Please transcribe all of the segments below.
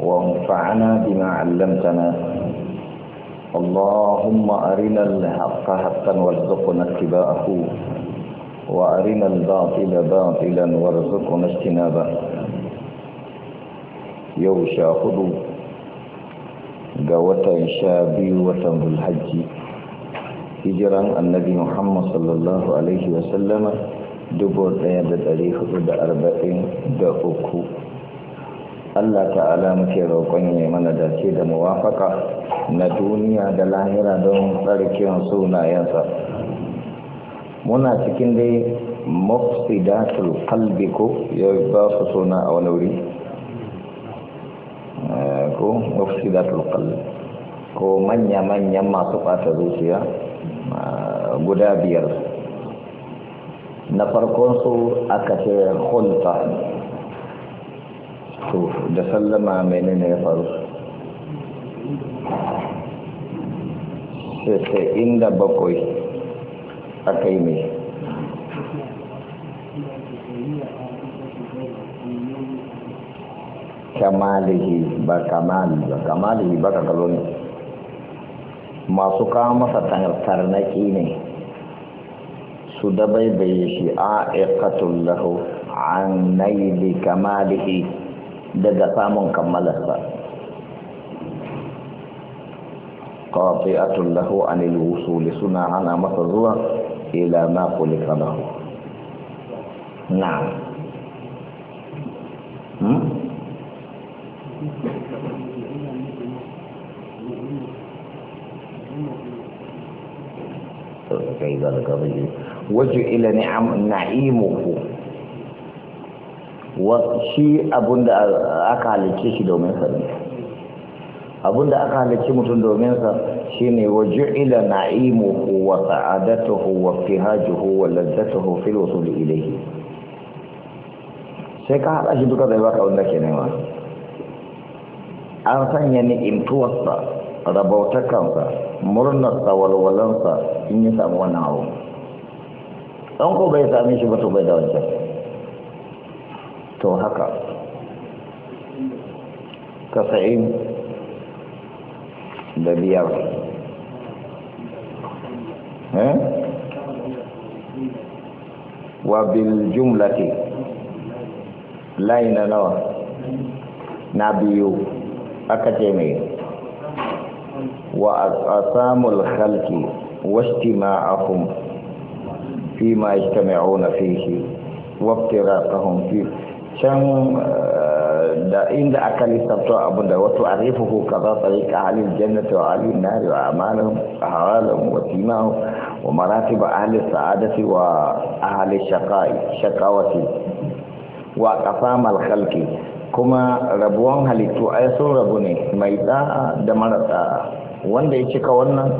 وانفعنا بما علمتنا اللهم أرنا الحق حقا وارزقنا اتباعه وأرنا الباطل باطلا وارزقنا اجتنابه يوشا خذوا قوة شابي وتنظر الحج هجرا النبي محمد صلى الله عليه وسلم دبر يد الأريخ دا أربعين دا أكو Allah ta'ala muke roƙon ya mana dace da muwafaka na duniya da lahira don tsarkin sunayensa muna cikin dai mafsidatul kalbi ko ya ba su suna a wani wuri eh, ko mafsidatul kalbi ko manya-manyan masu ɓata zuciya ah, guda biyar na farkon su aka ce hulta to da sallama menene ya faru sai inda bakwai aka yi mai kamalihi ba kamali ba kamalihi ba kakalo ne masu kawo masa na ne su da bai bai shi a ikatun lahu an naili kamalihi daga samun kammalarsa qati'atun lahu anil wusuli suna ana masa zuwa ila ma kulika lahu na'am hmm? كيف القضية وجعل نعم نعيمه shi abun da aka halicce shi domin sa ne abun da aka halicce mutum domin sa shine wa ju'ila na'imuhu wa sa'adatuhu wa fihajuhu wa ladzatuhu fil wusuli ilayhi sai ka haɗa shi duka zai baka wanda ke nema an sanya ni'imtuwarsa rabautakansa murnarsa walwalansa in yi samu wannan abu ɗan ko bai sami shi ba to bai da wancan to haka kasa'in da biyar wa bil jumlati laina na nawa na biyu aka ce mai wa asamul halki washti ma'ahun fi ma istama'una fihi waftiraqahum fi can eh, da inda aka lissafta abin da wasu ko kaza ka halin jannata wa halin nari wa amalin hawalan wa timahu wa maratib ahli sa'adati wa ahli shaqai shaqawati wa al khalqi kuma rabuwan halittu ai sun rabu ne mai da'a da mara da'a wanda ya cika wannan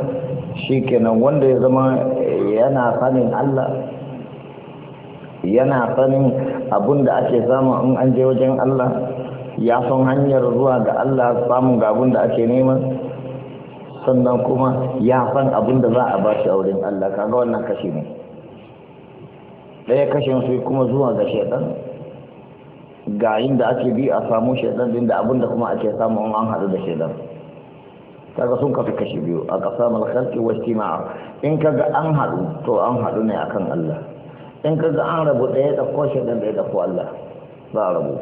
shikenan wanda ya zama eh, yana sanin Allah yana sanin abun da ake samu in an je wajen Allah ya san hanyar zuwa ga Allah samun ga abun da ake nema sannan kuma ya san abun da za a ba shi a wurin Allah kaga wannan kashi ne ɗaya kashin su kuma zuwa ga shaidan ga inda ake bi a samu shaidan din da abun da kuma ake samu in an haɗu da shaidan kaga sun kafi kashi biyu a ƙasa malakar wasu wasu in kaga an haɗu to an haɗu ne akan Allah in ka ga an rabu ɗaya da ko shaidan ɗaya da ko Allah za a rabu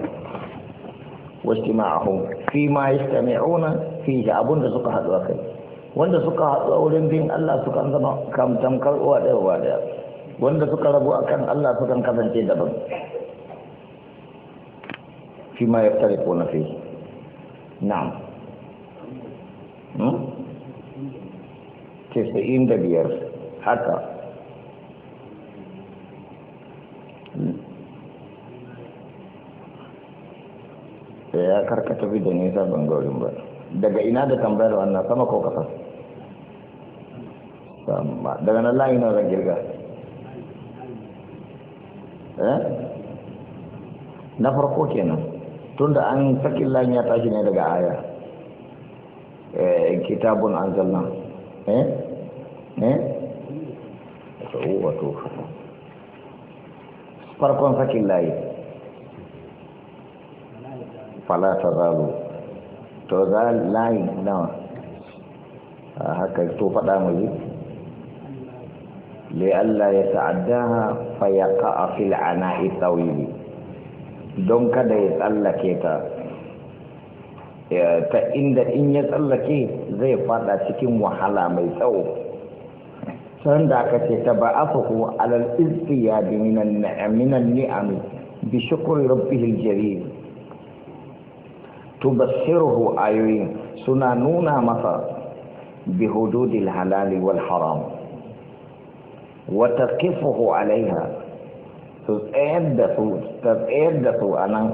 wasu ma'ahun fi ma yi sami'una fi da abun da suka haɗu a kai wanda suka haɗu a wurin bin Allah suka zama kamtan karɓuwa ɗaya wa ɗaya wanda suka rabu a kan Allah suka kasance daban fi ma ya tare ko na fi na'am hmm? 95 haka da eh, ya karkata bi da nisa bangorin ba daga ina da tambayar wannan sama ko kasa sama daga nan layi na zan girga eh? na farko kenan tunda an sakin layin ya tashi ne daga aya eh, kitabun an zallan eh eh wato farkon sakin layi Falata ta zalu to za layi nawa a haka to faɗa mu yi Allah ya ta'addaha fa yaqa fil ana'i tawili don kada ya tsallake ta ta inda in ya tsallake zai fada cikin wahala mai tsawo san da aka ce ta ba'athu alal istiyad minan ni'am minan ni'am bi shukri rabbihil jarir tubassiruhu ayoyin suna nuna masa bi hududil halali wal haram wa taqifuhu alaiha su tsayar da su ta tsayar da su a nan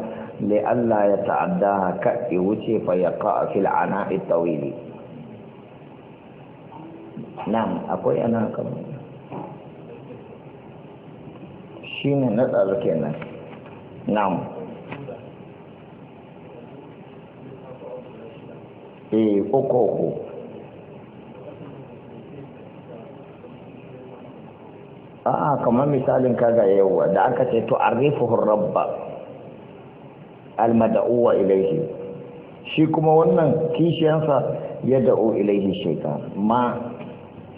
Allah ya ta'adda ka wuce fa ya ka'a fil ana'i tawili nan akwai ana kan shi ne na tsaro kenan nan e uku a'a kamar misalin kaga yawa da aka ce to arifuhu rabba almada'uwa ilaihi shi kuma wannan kishiyansa ya da'u ilaihi shaitan ma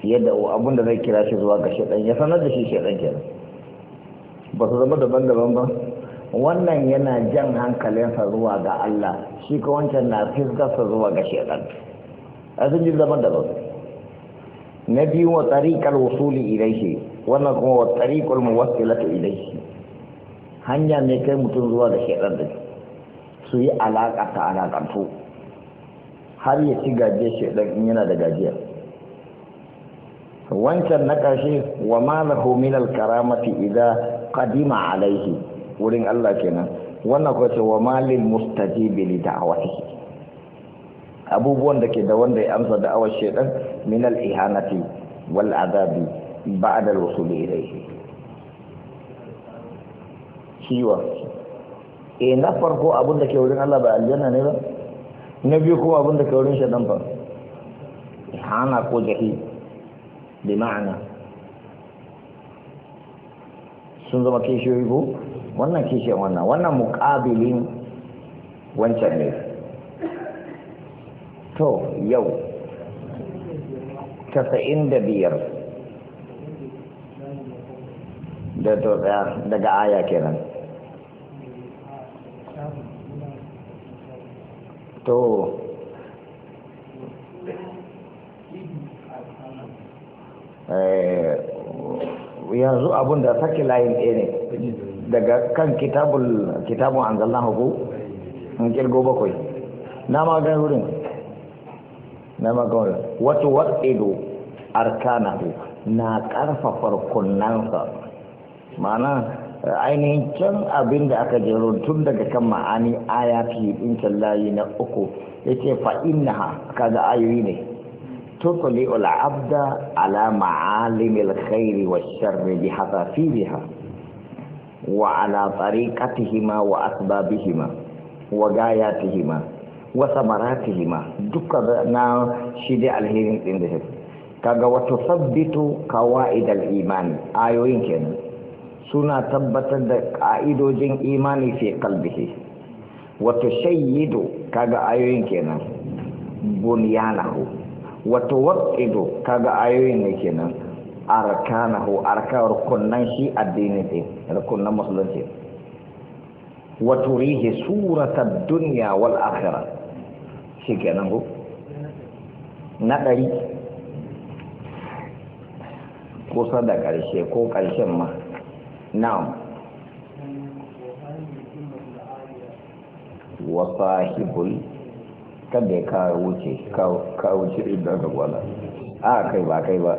fiye da abin da zai kira shi zuwa ga shaɗan ya sanar da shi shaɗan kenan ba su zama daban-daban ba wannan yana jan hankalinsa zuwa ga Allah shi ka wancan na fiskarsa zuwa ga shaɗan a sun ji zama daban na biyu wa tsarikar wasuli shi wannan kuma wa tsarikar muwassilatu shi hanya mai kai mutum zuwa ga shaɗan da su yi alaƙa ta alaƙantu har ya ci gajiyar shaɗan in yana da gajiyar wancan na ƙarshe wa ma lahu min al-karamati idza qadima alaihi wurin Allah kenan wannan kuwa ce wa ma lil mustajibi li da'watihi abubuwan da ke da wanda ya amsa da'awar shedan min al-ihanati wal azabi ba'da al-wusuli ilayhi ciwa e eh, na farko abin da ke wurin Allah ba aljanna ne ba na biyu kuma abin da ke wurin shedan ba ihana ko jahili bi ma'ana sun zama kishiyoyi ko wannan kishiyar wannan wannan mukabilin wancan ne to yau casa'in da biyar da to daga aya kenan to Eh, yanzu abun da sake layin ɗaya ne daga kan kitabun an zalla hagu in kirgo bakwai na magan wurin na magan wurin wato waɗedo arkanahu na ƙarfafa rukunansa ma'ana ainihin can abin da aka jero tun daga kan ma'ani ayati ɗin layi na uku ya ce fa'in na kaga ayoyi ne تطلع العبد على معالم الخير والشر بحذافيرها وعلى طريقتهما وأسبابهما وغاياتهما وثمراتهما دكا شدي الهيرين عندهم kaga wata sabbitu kawa'idal imani ayoyin kenan suna tabbatar da ka'idojin imani fi qalbihi wata shayyidu kaga ayoyin kenan bunyanahu wato waqidu kaga ayoyin ne kenan ko arka kunnan shi addini ne rukunan musulunci wa turihi surata dunya wal akhirah shi kenan ko na ɗari kusa da ƙarshe ko ƙarshen ma na'am wa sahibul kada ya kawo wuce kawo wuce inda aka gwada a kai ba kai ba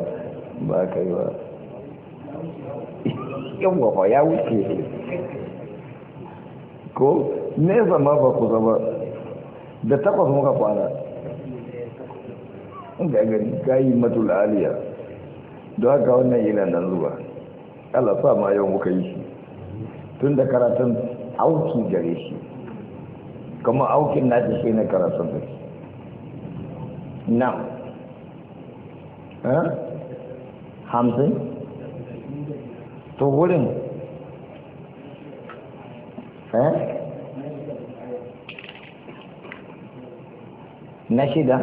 ba kai ba yan wafa ya wuce ko ne ma ba ku zama da takwas muka kwana inda gani gayi matul aliya don haka wannan yana nan zuwa Allah sa ma yau muka yi shi tun da karatun auki gare shi kuma aukin nashi shi ne karatun da shi na eh? hamsin to wurin eh? na shida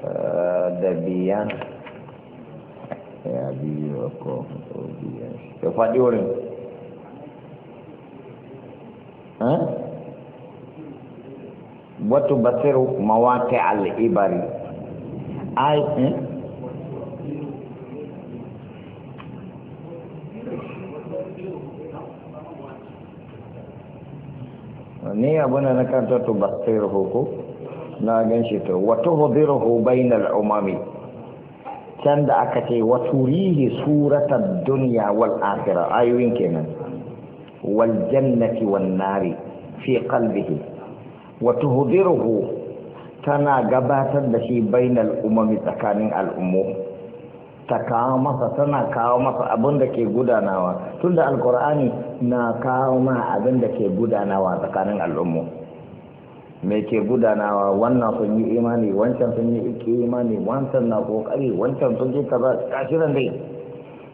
eh, da biyan ya biyu ko biya. ya faɗi wurin Eh? watubasiru مواقع al’ibari ai eh? ni abin da na kanta to Basiru hoko na gan shi to wato hudiruhu na umami can da aka ce wa turihi surata duniya wal akhirah ayoyin kenan والجنة والنار في قلبه وتهدره تنا قباتا دشي بين الأمم تكان الأمم تكاومة تنا كاومة أبندك دكي قداناوا تند القرآن نا كاومة أبندك دكي قداناوا تكان الأمم mai ke gudanawa wannan sun yi imani wancan sun yi imani wancan na kokari wancan sun je kaza kashiran dai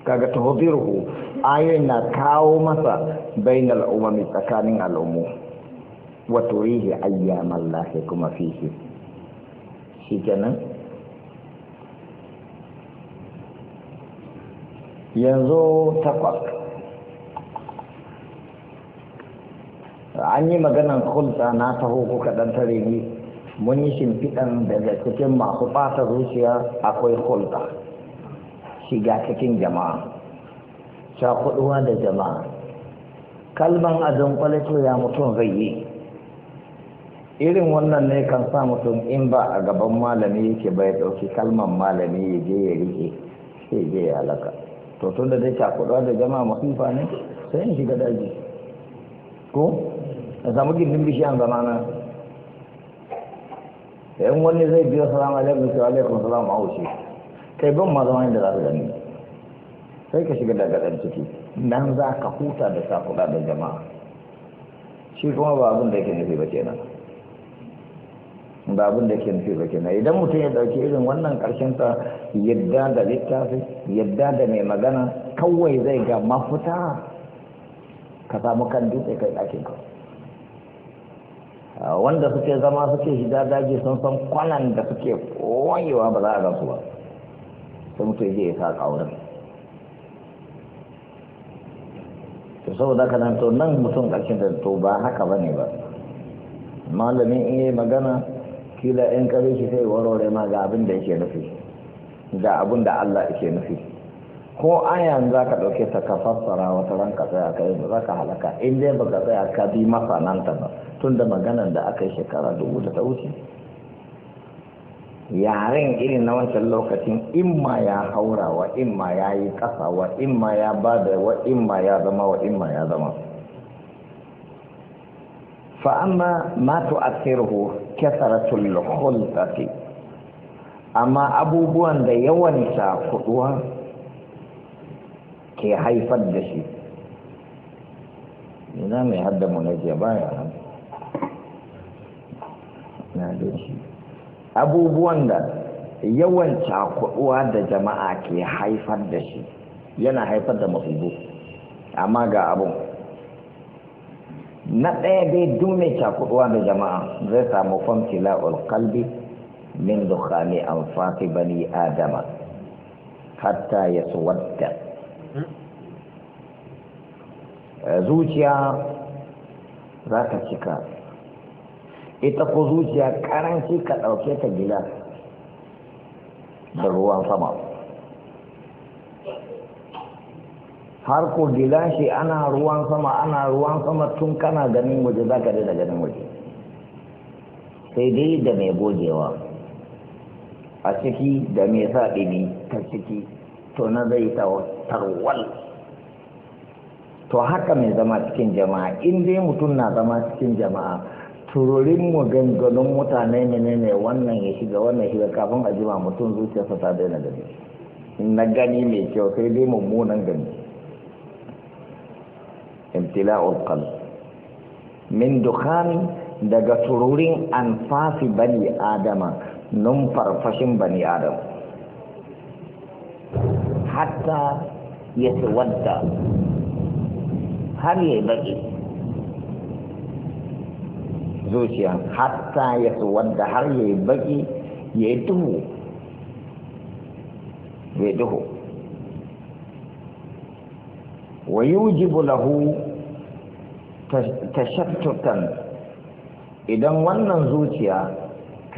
kaga tahdiruhu ayin na kawo masa bainal umami tsakanin al'ummu wa turihi ayyamal lahi kuma fihi shi yanzu takwas an yi maganan kulta na taho ko kaɗan tare ni mun yi shimfiɗan daga cikin masu ɓata zuciya akwai kulta shiga cikin jama'a cakuduwa da jama'a kalman a kwalito ya mutum zai yi irin wannan ne kan sa mutum in ba a gaban malami yake bai dauki kalman malami ya je ya rike sai je ya halaka to tun da dai cakuduwa da jama'a masifa ne sai in shiga daji ko a samu gindin bishiyan zamana yan wani zai biyo salamu alaikum salamu alaikum salam a wuce kai ban ma zama inda za su gani sai ka shiga daga ɗan ciki nan za ka huta da sakuɗa da jama'a shi kuma ba abin da yake nufi ba kenan ba abin da ke nufi ba kenan idan mutum ya ɗauki irin wannan ƙarshen ta yadda da littafi yadda da mai magana kawai zai ga mafuta ka samu kan dutse kai ɗakin ka ah, wanda suke zama suke shiga daji sun san kwanan da suke koyewa ba za a gansu ba sai mutum yake ya sa ƙaurin to saboda ka nan to nan mutum ƙarshen da to ba haka ba ne ba malamin in yi magana kila in kare shi sai warware ma ga abin da yake nufi ga abin da Allah yake nufi ko ayan za ka ɗauke ta ka fassara wata ran ka tsaya ka ba za ka halaka in dai ba tsaya ka bi masananta ba tunda da maganan da aka yi shekara dubu da ta wuce yaren irin na wancan lokacin imma ya haura wa imma ya yi ƙasa wa imma ya bada wa imma ya zama wa imma ya zama fa'amma ma tu'athiruhu kasaratul khulqati amma abubuwan da yawan sa kuduwa ke haifar da shi ina mai haddamu na jiya baya na abubuwan da yawan cakuɗuwa da jama'a ke haifar da shi yana haifar da musibu amma ga abun na ɗaya dai dune cakuɗuwa da jama'a zai samu famtila kalbi min dukkani amfafi bani adama hatta ya suwadda hmm? zuciya za ta cika ita ko zuciya karanci ka ɗauke ta gida da ruwan sama har ko gilashi ana ruwan sama ana ruwan sama tun kana ganin waje za ka da ganin waje sai dai da mai gogewa a ciki da mai sa ɗini ta ciki to na zai tarwal to haka mai zama cikin jama'a in dai mutum na zama cikin jama'a tururin maganganun mutane ne wannan ya shiga wannan shiga kafin a jima mutum zuciyarsa ta daina gani na gani mai kyau sai dai mummunan gani imtila'ul qalb min dukhani daga tururin anfasi bani adama farfashin bani adam hatta ya wadda har ya baki zuciya hatta ya wanda har ya yi baki ya yi duhu ya duhu wa yujibu lahu tashattutan idan wannan zuciya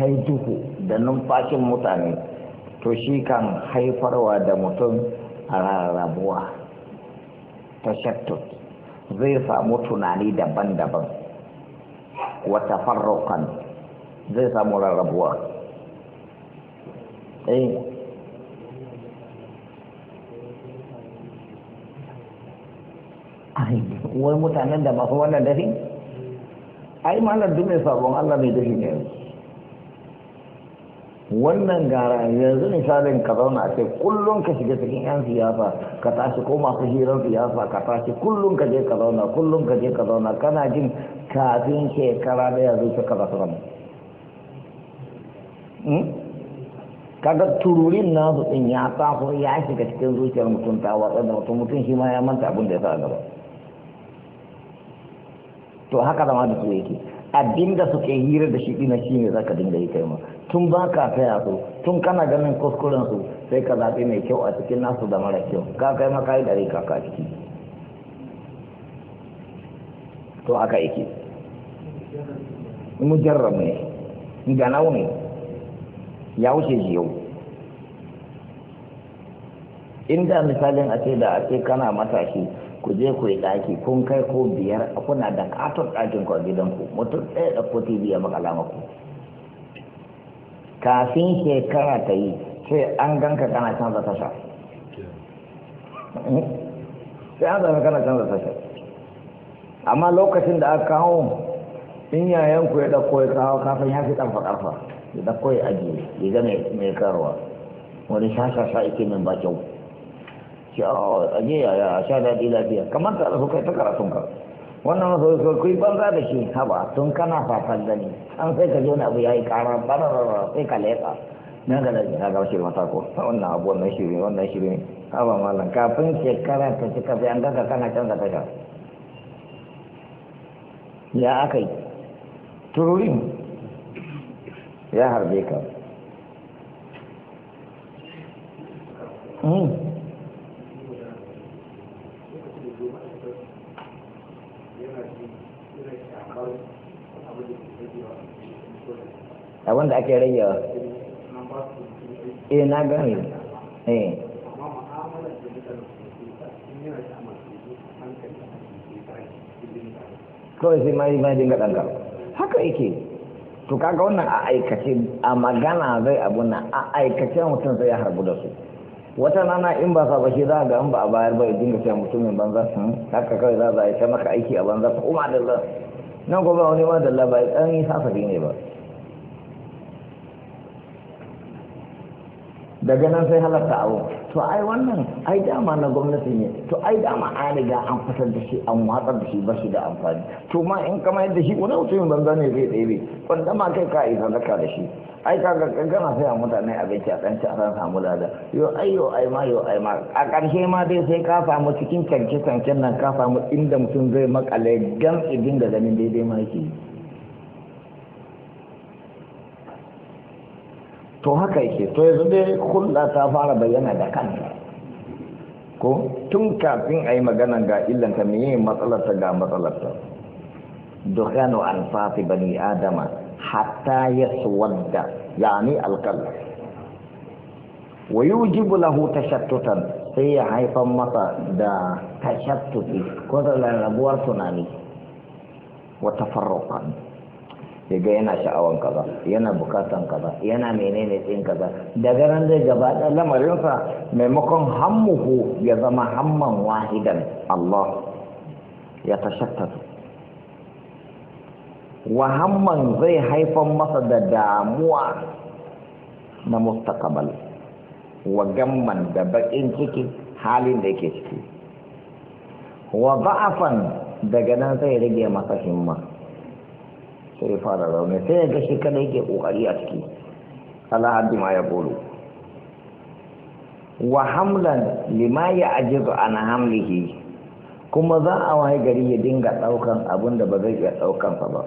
yi duhu da numfashin mutane to shi kan haifarwa da mutum a rarrabuwa tashattut zai samu tunani daban-daban wata farrokan zai samu rarrabuwa eh wai mutanen da masu wannan dafi ai malar dume sabon allah mai dafi ne wannan gara yanzu misalin ka zauna a ce kullum ka shiga cikin 'yan siyasa ka tashi ko masu hirar siyasa ka tashi kullum ka je ka zauna kullum ka je ka zauna kana jin kafin shekara da ya zuce ka kaga tururin nasu din ya taso ya shiga cikin zuciyar mutum ta watsa da mutum mutum shi ma ya manta abin da ya sa gaba to haka zama da su yake abin da suke hira da shi dina shi ne zaka dinga yi kaima tun ba ka taya su tun kana ganin kuskuren su sai ka zaɓi mai kyau a cikin nasu da mara kyau ka kai maka yi ɗari kaka ciki to haka yake mujarrab ne ganau ne ya wuce yau inda misalin a ce da a ce kana matashi ku je ku yi ɗaki kun kai ko biyar kuna da katon ɗakin ku a gidanku mutum ɗaya da ko tv ya makala ku. kafin shekara ta yi sai an ganka kana canza tasha hmm? sai an zama kana canza tasha amma lokacin da aka kawo in yayan ku ya ɗauko ya kawo kafin ya fi ƙarfa ƙarfa ya ɗauko ya ajiye ya gane mai karuwa wani shasha sa ike min ba kyau shi a ah, aje yaya a sha daɗi lafiya kamar ta rasu kai ta sun ka wannan masu wasu kai banza da shi haba tun kana fafan gani an sai ka jona wani abu ya yi ƙara bararara sai ka leƙa na ga daji na garshe mata ko wannan abu wannan shiri wannan shiri haba malam kafin shekara ta cika sai an daga kana canza ta ya aka yi tururin ya harbe ka hmm. abin da ake ragewa eh na gani eh kawai sai ma yi ma dinga ɗan haka yake to kaga wannan a aikace a magana zai abu na a aikace mutum zai ya harbu da su wata rana in ba sa bashi za ga ba a bayar ba idan ga cewa mutumin banza hmm, haka kawai za a yi maka aiki a banza kuma da za nan gobe wani ma da labai dan yi safafi ne ba daga nan sai halarta abu to ai wannan ai dama na gwamnati ne to ai dama an riga an fitar da shi an watsar da shi ba shi da amfani to ma in kama yadda shi wani mutumin banza ne zai ɗebe ban ma kai ka isa zaka da shi ai ka ga gana sai a mutane abinci a ɗanci a san samu lada yo ai yo ai ma yo ai ma a ƙarshe ma dai sai ka samu cikin canke-canken nan ka samu inda mutum zai makale gan idin da ganin daidai ma yake yi to haka yake to yanzu dai hulɗa ta fara bayyana da kanta ko tun kafin a yi magana ga illanta meye matsalarta ga matsalarta dukkanu alfafi bani adama hatta ya suwadda yani alkal wa yujibu lahu tashattutan sai ya haifan masa da tashattuti ko da rabuwar tunani wa tafarruqan sai ga yana sha'awan kaza yana bukatan kaza yana menene din kaza daga ran zai gaba da lamarinsa maimakon hammuhu ya zama hamman wahidan Allah ya tashattatu wa hamman zai haifan masa da damuwa na mustaqbal wa gamman da bakin ciki halin da yake ciki wa ba'afan daga nan zai rage masa himma sai ya fara rauni sai ya gashi kada yake kokari a ciki ala haddi ma ya bolo wa hamlan lima ya ajizu an hamlihi kuma za a wai gari ya dinga daukan abin da ba zai iya daukan sa ba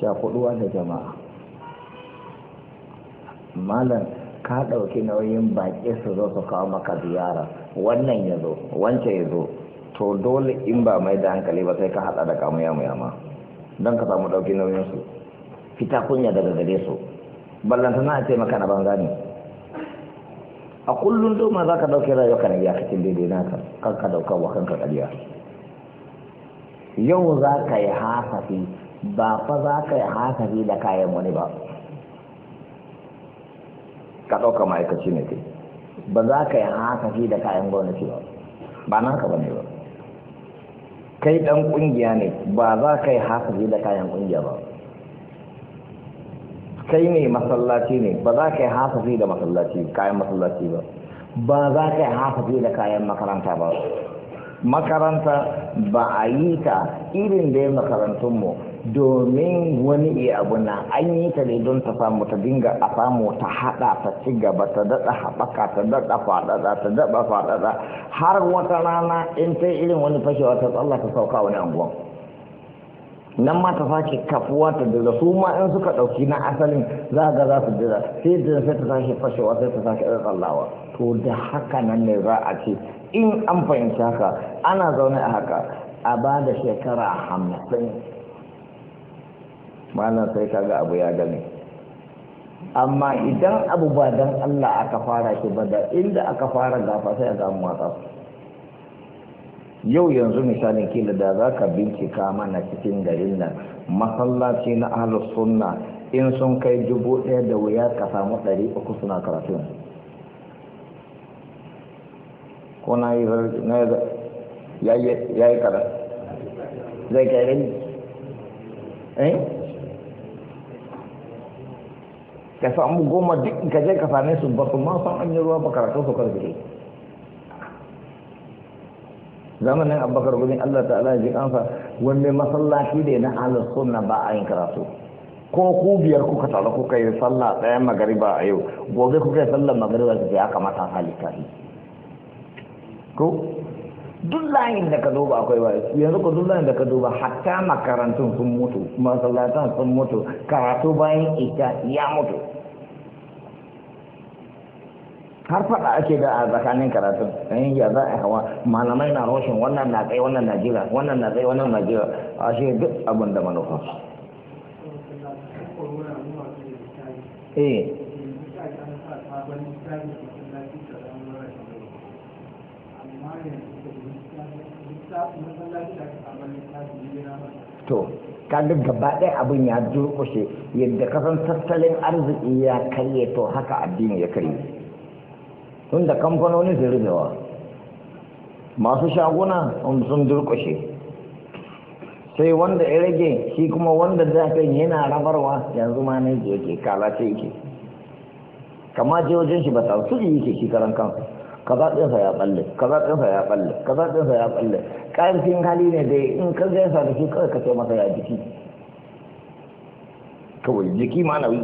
sha kudu wa jama'a malam ka dauki nauyin baƙi su zo su kawo maka ziyara wannan ya zo wancan ya zo to dole in ba mai da hankali ba sai ka hada da kamuya muyama don ka samu ɗauki nauyinsu fita kunya daga gare su ballantana a ce maka na ban ne a kullum doma za ka ɗauki rayuwa kan iya cikin daidai na kan ka ɗauka wa kanka ƙarya yau za ka yi hasafi ba fa za ka yi hasafi da kayan wani ba ka ɗauka ma'aikaci ne ke. ba za ka yi hasafi da kayan gwamnati ba ba na ka ba ne ba kai dan kungiya ne ba za ka yi hasabi da kayan kungiya ba kai ne masallaci ne ba za ka yi hasafi da masallaci kayan masallaci ba ba za ka yi hasafi da kayan makaranta ba makaranta ba a yi ta irin da makarantunmu domin wani iya abu na an yi ta ne don ta samu ta dinga a samu ta haɗa ta ci gaba ta daɗa haɓaka ta daɗa faɗaɗa ta daɗa faɗaɗa har wata rana in ta irin wani fashewa ta tsalla ta sauka wani anguwan nan ma ta sake kafuwa ta dira su ma in suka ɗauki na asalin za ga za su dira sai da sai ta sake fashewa sai ta sake tsallawa to da haka nan ne za a ce in an fahimci haka ana zaune a haka a ba da shekara hamsin malam sai kaga abu ya gane amma idan abu ba dan Allah aka fara shi ba da inda aka fara gafa sai a ga wasa yau yanzu misalin kila da za ka bincika mana cikin garin nan masallaci na ahlus sunna in sun kai dubu ɗaya da wuya ka samu ɗari uku suna karatu ko na yi ya yi zai kai eh ka samu goma duk ka je ka same su ba su ma san an yi ruwa ba karatun su karfi zamanin abubakar gudun allah ta'ala ji kansa wanne masallaci ne na ahlus sunna ba a yin karatu ko ku biyar kuka tsara kuka yi sallah ɗaya magariba a yau gobe kuka yi sallar magariba da ya kamata a ko duk layin da ka duba akwai ba yanzu ko duk layin da ka duba hatta makarantun sun mutu masallatan sun mutu karatu bayan ita ya mutu har faɗa ake da a tsakanin karatu ɗayan eh, ya za a hawa malamai na roshin wannan na kai wannan na jira wannan na kai wannan na jira a shi duk abin da manufa eh to kaga gaba ɗaya abin ya durƙushe yadda kasan tattalin arziki ya karye to haka addini ya karye tun da kamfanoni su rubewa masu shaguna sun durƙushe sai wanda ya rage shi kuma wanda zafin yana rabarwa yanzu ma na yake kala ce yake kama je wajen shi ba ta su yake shi karan kansu. kaza ɗinsa ya balle kaza ɗinsa ya balle kaza ɗinsa ya balle ƙarfin hali ne dai in ka gaisa da shi kawai ka ce masa ya jiki kawai jiki ma nawi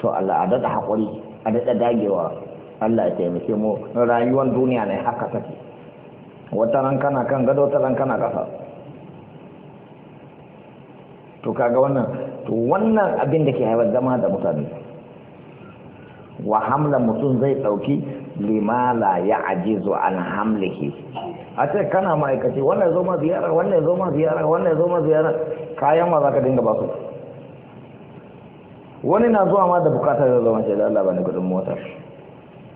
to Allah a daɗa haƙuri a daɗa dagewa Allah ya taimake mu rayuwar duniya ne haka take wata ran kana kan gado wata ran kana ƙasa to kaga wannan to wannan abin da ke haifar zama da mutane wa hamla mutum zai ɗauki limala ya ajizu an hamlihi a ce kana ma'aikaci wannan zo ma ziyara wannan zo ma ziyara wannan zo ma ziyara kayan ma za ka dinga basu wani na zuwa ma da bukatar da zama ce da Allah bani kudin motar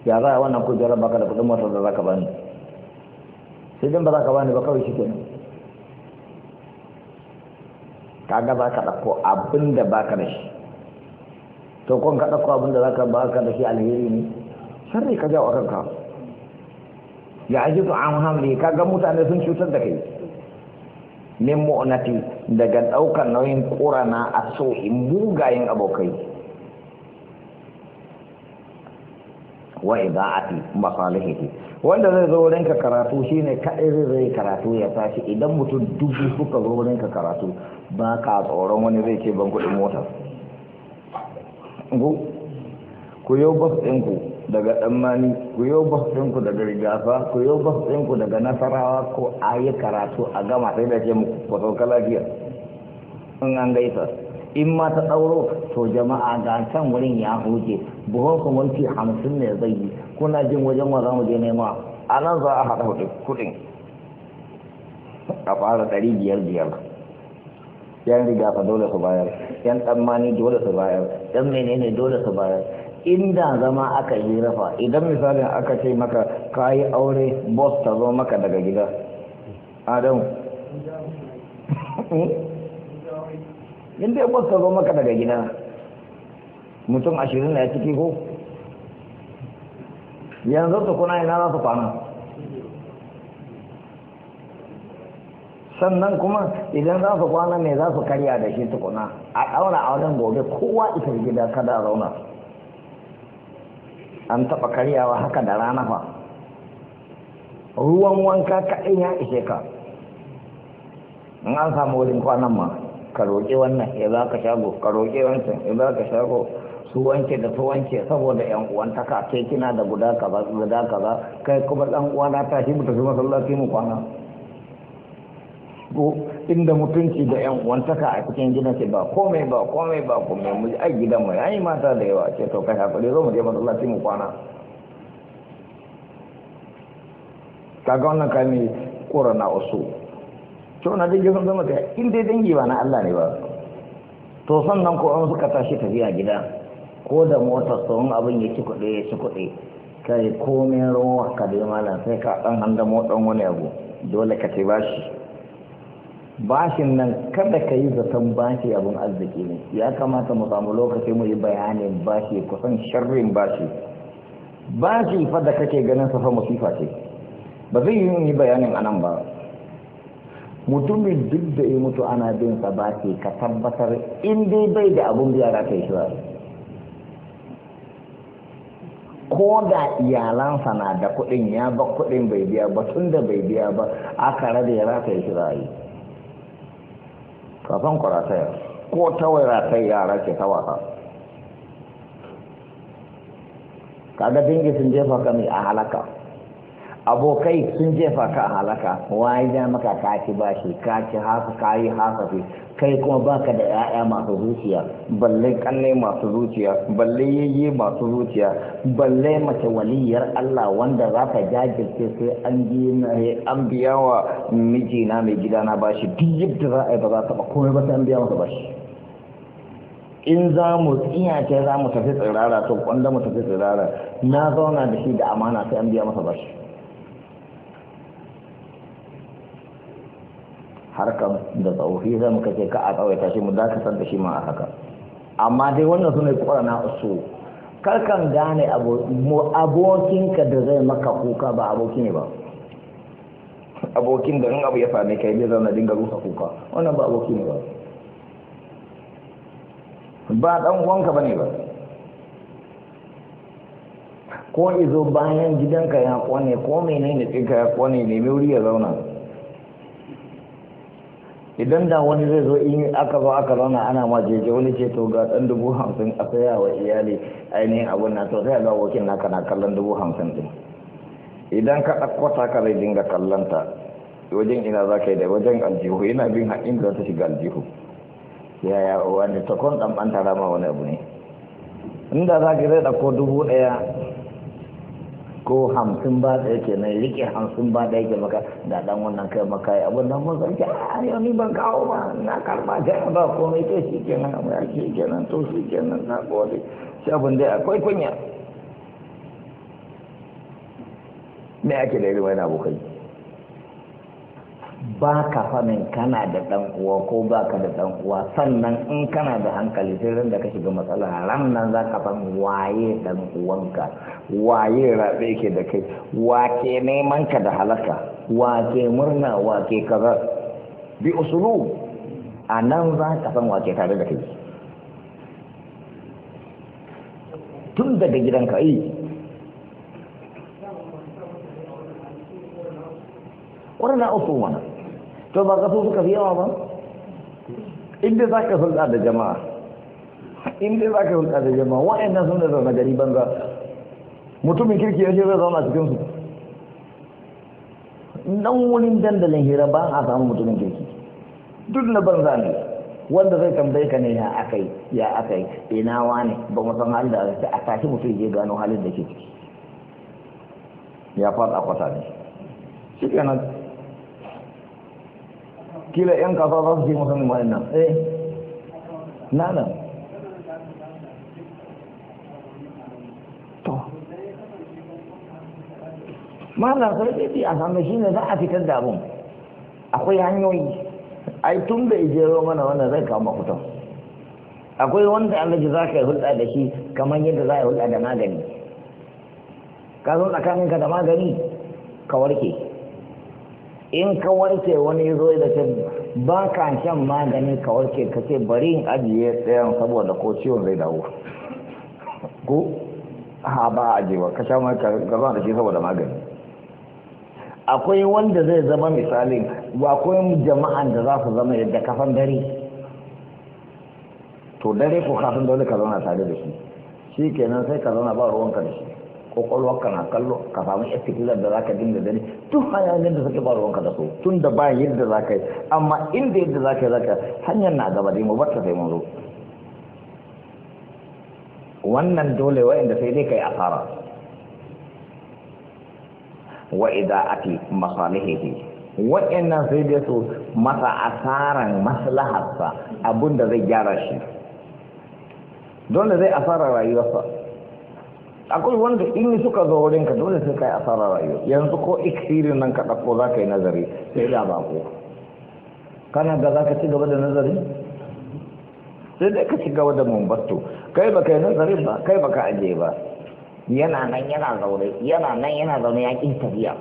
ya za a wannan kujerar baka da kudin motar da za ka bani sai din ba za ka bani ba kawai shi kenan kaga za ka ɗauko abin da baka da shi to kun ka ɗauko abin da za ka baka da shi alheri ne sharri ka jawo kanka ya aji to an hamle ka ga mutane sun cutar da kai min mu'nati daga ɗaukar nauyin ƙurana a so in mugayen abokai wa idaati masalihihi wanda zai zo wurin ka karatu shine kadai zai zai karatu ya tashi idan mutum dubu suka zo wurin ka karatu ba ka tsoron wani zai ce ban kuɗin mota ku yau bas ɗinku daga ɗanmani ku yi bas daga rigafa ku yi bas daga nasarawa ko a yi karatu a gama sai da ce muku ku sauka lafiya in an gaisa in ma ta ɗauro to jama'a ga can wurin ya huje buhon ku mulki hamsin ne zai yi kuna jin wajen wa za mu je nema a nan za a haɗa kuɗin a fara ɗari biyar biyar yan rigafa dole su bayar yan ɗanmani dole su bayar yan menene dole su bayar inda zama aka yi rafa idan misalin aka ce maka ka yi aure boss ta zo maka daga gida adam hmm? inda boss ta zo maka daga gida mutum ashirin na ciki ko yanzu ta kuna ina za su kwana sannan kuma idan za su kwana mai za su karya da shi tukuna a ɗaura wajen gobe kowa isar gida kada a zauna an taɓa karyawa haka da rana fa ruwan wanka kaɗai ya ishe ka in an samu wurin kwanan ma ka roƙe wannan ya za ka shago ka roƙe wancan ya za ka shago su wanke da su wanke saboda yan uwantaka kai kina da guda kaza guda kai kuma dan uwana ta shi mu tafi masallaci mu kwana inda mutunci da yan wantaka a cikin gidan ce ba komai ba komai ba komai mu ai gidan mu ai mata da yawa ce to kai hakuri zo mu je masallaci mu kwana ga wannan kura na wasu to na dinga sun zama kai in dai dangi ba na Allah ne ba to sannan ko an suka tashi tafiya gida ko da mota sun abin ya ci kuɗe ya ci kuɗe kai komai ruwa ka dai malam sai ka dan handa dan wani abu dole ka ce bashi bashin nan kada ka yi zaton bashi abin arziki ne ya kamata mu samu lokaci mu yi bayanin bashi kusan sharrin bashi bashi fa da kake ganin sa fa musifa ce ba zai yi bayanin anan ba mutumin duk da ya mutu ana bin sa bashi ka tabbatar in dai bai da abun biya za ka yi ba ko da iyalansa na da kuɗin ya ba kuɗin bai biya ba tun da bai biya ba aka rabe ya za ka yi kafan kwarataya ko ta wai yara ke ta wasa kaga dingi sun jefa ka a halaka abokai sun jefa ka a halaka waye ya maka ka ci bashi ka ci haka ka yi haka fi kai kuma baka da 'ya'ya masu zuciya balle kalle masu zuciya balle yayye masu zuciya balle mace waliyar Allah wanda za ka jajirce sai an an biya wa mijina mai gidana bashi duk yadda za a yi ba za ta ba komai ba sai an biya masa bashi in za mu ce za mu tafi tsirara to kwanda mu tafi tsirara na zauna da shi da amana sai an biya masa bashi harkar da tsofi zai muka ce ka a tsawaita shi mu dakatar da shi ma a haka amma dai wannan su ne na su karkan gane abokinka da zai maka kuka ba aboki ne ba abokin da in abu ya same kai zai zauna dinga rusa kuka wannan ba aboki ne ba ba dan uwanka bane ba ko izo bayan gidanka ya kone ko menene ɗinka ya kone ne wuri ya zauna idan da wani zai zo in aka ba aka zauna ana ma jeje wani ce to ga dan dubu hamsin a tsaya wa iyali ainihin abun na to sai ga wakil naka na kallon dubu hamsin din idan ka ɗauko ta ka zai dinga kallon ta wajen ina za ka yi da wajen aljihu yana bin haɗin da ta shiga aljihu yaya wani takon ɗan ɓanta rama wani abu ne inda za ka zai ɗauko dubu ɗaya ko hamsin ba da yake nan rike hamsin ba da yake maka da ɗan wannan kai maka ya abin nan mun ga a ah, yau ni ban kawo ba na karɓa ta ba komai ke shi ke nan amma shi ke nan to shi ke nan na gode shi abin da akwai kunya me ake da irin wani abokai ba ka sanin kana da ɗan uwa ko ba ka da ɗan uwa sannan in kana da hankali sai ran da ka shiga matsala ran nan za ka san waye ɗan uwanka waye rabe ke da kai wake neman ka da halaka wake murna wake kaza bi usulu a nan za ka san wake tare da kai tun daga gidanka yi wannan na wannan to ba kaso suka fi yawa ba inda za ka hulɗa da jama'a inda za ka hulɗa da jama'a wa'annan sun da zama gari banza mutumin kirki ya ce zai zauna cikin su nan wurin dandalin hira ba a samu mutumin kirki duk na banza ne wanda zai tambaye ka ne ya akai ya akai ina wane ba mu san halin da a tashi mutum je gano halin da ke ciki ya a kwata ne shi kenan kila yan kasuwa za su ce musamman nan. eh na nan to malam sarki a sami shi ne za a fitar da abun akwai hanyoyi ai tun da ijero mana wannan zai kawo makutan akwai wanda an za ka yi hulɗa da shi kamar yadda za a yi hulɗa da magani ka zo tsakaninka da magani ka warke in ka warke wani zo da ce ba ka shan magani ka warke ka ce bari in ajiye tsayan saboda ko ciwon zai dawo ko ha ba a ka sha mai gaba da shi saboda magani akwai wanda zai zama misalin wa akwai jama'an da za su zama yadda kafan dare to dare ko kafin dole ka zauna tare da shi shi kenan sai ka zauna ba ruwanka da shi kwakwalwar ka na kallo ka samu istikilar da zaka dinga gani duk hayanin da suke baruwan ka da su tun da ba yadda zaka yi amma inda yadda zaka yi zaka hanyar na gaba dai mu ta sai mun zo wannan dole wainda sai dai kai asara wa ida'ati masalihihi wa'annan sai dai su masa asaran maslaharsa abinda zai gyara shi dole zai asara rayuwarsa akwai wanda in suka zo wurin ka dole sai kai asara rayuwa yanzu ko ikirin nan ka dauko za ka yi nazari sai da ko kana ga za ka ci gaba da nazari sai da ka ci gaba da Mumbatu kai ba kai nazari ba kai ba ka aje ba yana nan yana zaune yana nan yana zaune ya kin tafiya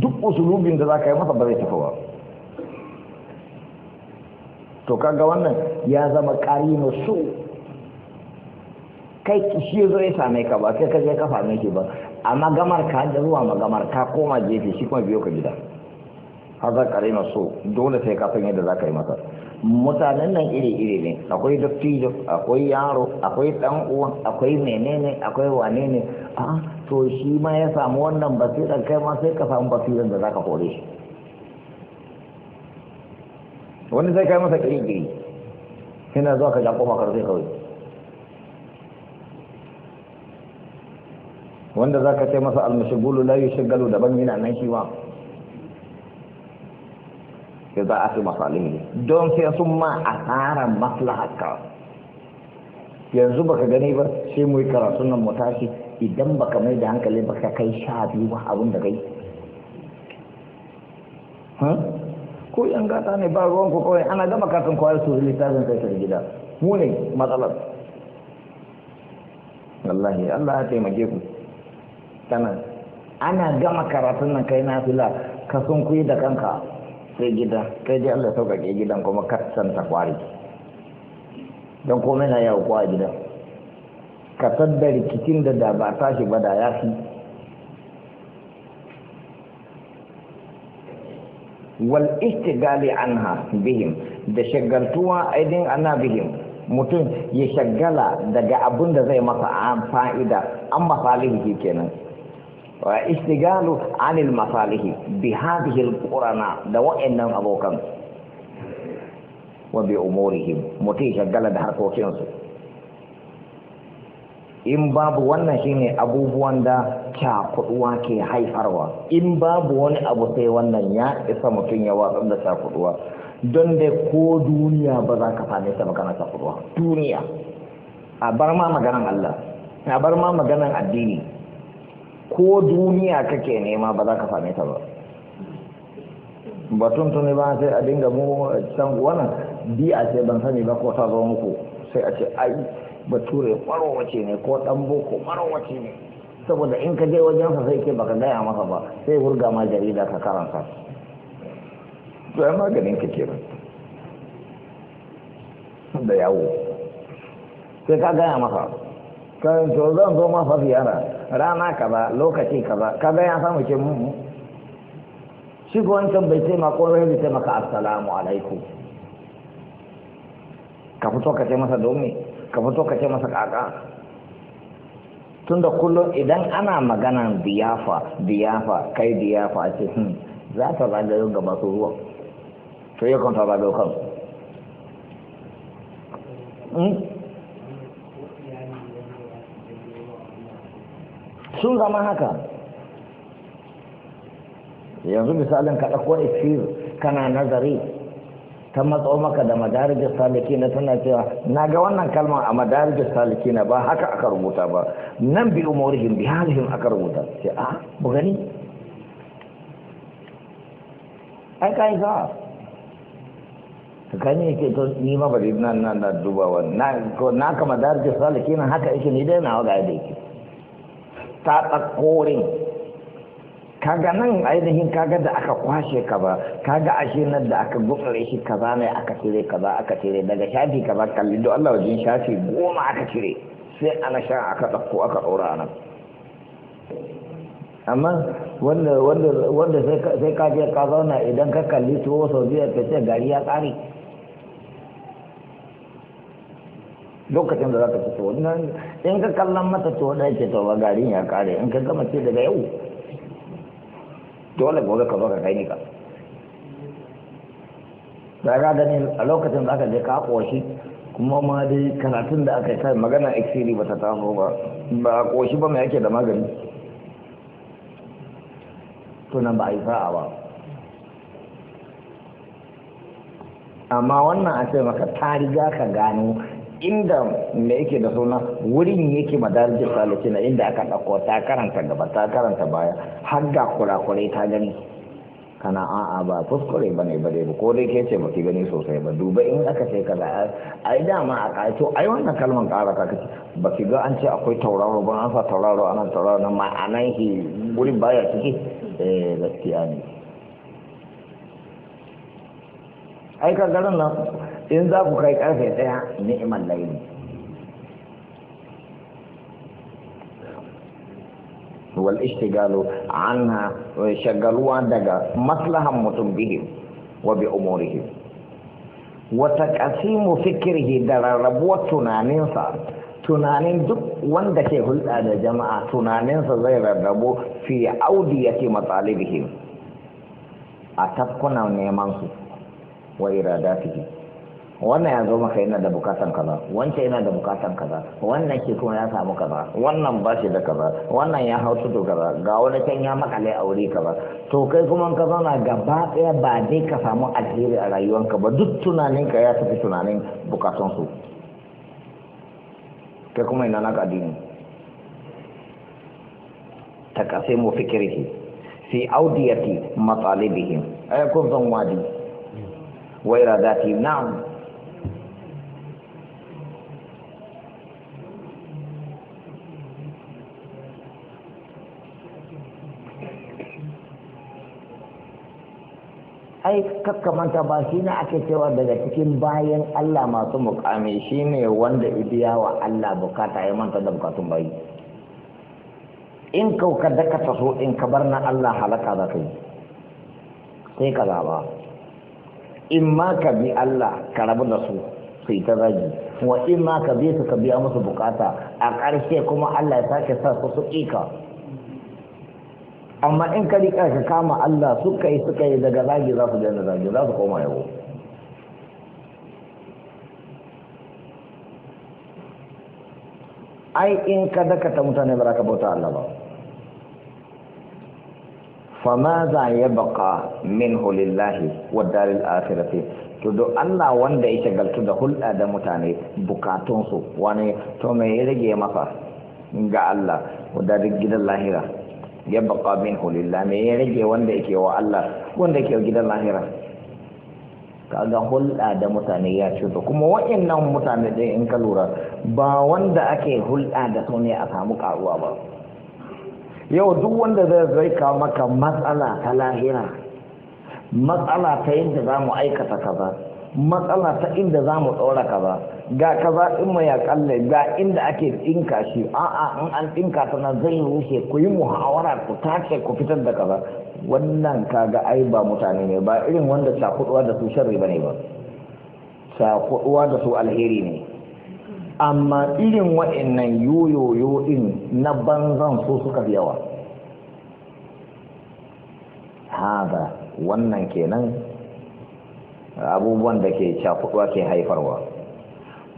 duk usulubin da za ka yi masa ba zai tafi ba to kaga wannan ya zama ƙari na su kai shi zo ya same ka ba sai ka je ka same shi ba a magamar ka da zuwa magamar ka koma gefe shi kuma biyo ka gida hazar kare na so dole sai ka san yadda za ka yi masa mutanen nan iri-iri ne akwai dattijo akwai yaro akwai dan uwa akwai menene akwai wane ne a to shi ma ya samu wannan basiran kai ma sai ka samu basiran da za ka kore shi wani sai kai masa kiri-kiri yana zuwa ka ja kofa karfe kawai wanda za ka ce masa almashigulu layu shigalu daban yana nan shi wa ya za a fi ne don sai sun ma a tsara maslahaka yanzu baka gani ba sai mu yi karatu nan mu tashi idan baka mai da hankali baka kai sha biyu ba abin da kai ko yan gata ne ba ruwan ku kawai ana gama kasan kwayar su littafin kai sai gida mu ne matsalar wallahi Allah ya taimake ku tanan ana gama karatun nan kai nafila ka sun kuyi da kanka sai gida kai dai Allah sauƙaƙe gidan kuma ka ta kwari don komai na yawo kwa gidan ka da rikicin da da ba tashi ba da ya fi wal istigali anha bihim da shagaltuwa aidin ana bihim mutum ya shagala daga abin da zai masa fa'ida an masalihi kenan واستقال عن المصالح بهذه القرناء wa bi umurihim وبأمورهم متيشة da harkokin su in babu wannan shine abubuwan da kuduwa ke haifarwa in babu wani abu sai wannan ya isa mutum ya watsar da kuduwa don dai ko duniya ba za ka same ta magana kuduwa duniya a bar ma maganan Allah a bar ma maganan addini ko duniya kake nema ba za ka same ta ba batun tuni ba sai a dinga mu can wannan biya sai ban sani ba ko ta zo muku sai a ce ai bature marowace ne ko dan boko marowace ne saboda in ka je wajensa sai ke baka gaya masa ba sai hurga ma jarida ka karanta to ai maganin ka kenan da yawo sai ka gaya masa kan so zan zo ma fa ziyara rana kaza lokaci kaza kaza ya samu ke mu shi ko wancan bai ce ma ko bai ce maka assalamu alaikum ka fito ka ce masa domi ka fito ka ce masa kaka tunda kullum idan ana magana biyafa-biyafa, kai biyafa ce hin hmm, za ta yau ga masu ruwa to yakan ta zaga kan. Hmm? sun zama haka yanzu misalin ka ɗauko ifir kana nazari ta matso maka da madarijar saliki na tana cewa na ga wannan kalma a madarijar saliki na ba haka aka rubuta ba nan bi umurihim bi halihim aka rubuta ce a mu gani ai kai za ka gani yake to ni ma bari na dubawa na ko na kama darajar saliki na haka yake ni dai na ga yake ta tsakkorin kaga nan ainihin kaga da aka kwashe ka ba kaga ashe nan da aka gutsare shi kaza ne aka cire kaza aka cire daga shafi kaza kalli don Allah wajen shafi goma aka cire sai ana sha aka ɗauko aka ɗora a nan amma wanda sai kaje ka zauna idan ka kalli tuwo sau biyar ka ce gari ya ƙare lokacin da za ta fito wannan in ka kallon mata to da yake tawa ba garin ya kare in ka gama ce daga yau dole gobe ka zo ka kai ni ka da ga gani a lokacin da aka je ka koshi kuma ma dai karatun da aka yi kai magana exiri ba ta taso ba ba koshi ba mai ake da magani to nan ba a yi sa'a ba amma wannan a ce maka tariga ka gano inda me yake da suna wurin yake madarji salisi na inda aka ɗauko ta karanta gaba ta karanta baya har ga kurakurai ta gani kana a'a ba kuskure ba ne ba dai ba ko dai ke ce baki gani sosai ba duba in aka ce kaza ai dama a kai ai wannan kalman ƙara ka kace baki ga an ce akwai tauraro ba an sa tauraro anan tauraro nan ma'anan shi wurin baya ciki eh gaskiya ne ai ka garan nan in za ku kai karfe daya ni'imar laili wal ishtigalu anha shagaluwa daga maslahan mutum bihi wa bi umurihim wa taqsimu fikrihi da rarrabuwar tunaninsa tunanin duk wanda ke hulɗa da jama'a tunaninsa zai rarrabu fi audi yake matsalibihim a tafkunan neman su wa iradatihim wannan ya zo maka yana da bukatan kaza wancan yana da bukatan kaza wannan shi kuma ya samu kaza wannan ba shi da kaza wannan ya hau tudu kaza ga wani can ya makale a wuri kaza to kai kuma ka zauna gaba ɗaya ba dai ka samu ajiyar a rayuwanka ba duk tunanin ka ya tafi tunanin su, kai kuma ina naka addini ta kasai mu fikirki fi audiyati matsalibihim ai zan wadi wa iradati na'am ai kakkamanta ba shi ne ake cewa daga cikin bayan Allah masu mukami shi ne wanda ibiya wa Allah bukata ya manta da bukatun bayi in kauka da ka taso in ka bar na Allah halaka za ka yi sai ka zaba in ma ka bi Allah ka rabu da su su yi ta zagi wa in ma ka bi su ka biya musu bukata a ƙarshe kuma Allah ya sake sa su su ƙika amma in ka rika ka kama Allah suka yi suka yi daga zagi za su daina zagi za su koma yau ai in ka dakata mutane ba za ka bauta Allah ba famaza ya baka min hulillahi wa Dalil akhirati to do Allah wanda ya shagaltu da hulɗa da mutane bukatunsu wani to mai ya rage masa ga Allah wadda gidan lahira ya baka min hulillah me ya rage wanda yake wa Allah wanda yake gidan lahira kaga hulɗa da mutane ya ce to kuma waɗannan mutane dai in ka lura ba wanda ake hulɗa da su ne a samu karuwa ba yau duk wanda zai zai ka maka matsala ta lahira matsala ta yadda za mu aikata kaza matsala ta inda za mu ɗora kaza ga kaza in mai akalle ga inda ake tsinka shi a'a in an tsinka ta nan zai rushe ku yi muhawara ku tace ku fitar da kaza wannan kaga ai ba mutane ne ba irin wanda cakuɗuwa da su sharri ne ba cakuɗuwa da su alheri ne amma irin waɗannan yoyoyo din na banzan so suka yawa haga wannan kenan abubuwan da ke cakuɗuwa ke haifarwa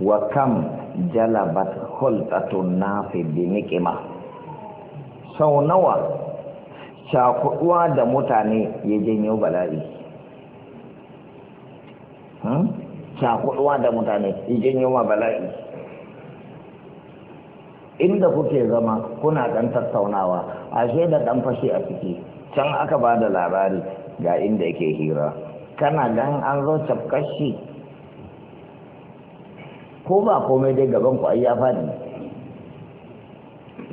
wa kam jalabat hulɗatun nafi bi niƙima sau nawa cakuɗuwa da mutane ya janyo bala'i hmm? da mutane ya janyo ma bala'i inda kuke zama kuna ɗan tattaunawa ashe da ɗan fashe a ciki can aka ba da labari ga inda yake hira kana dan an zo cafkar shi ko ba komai dai gaban ku ai ya fadi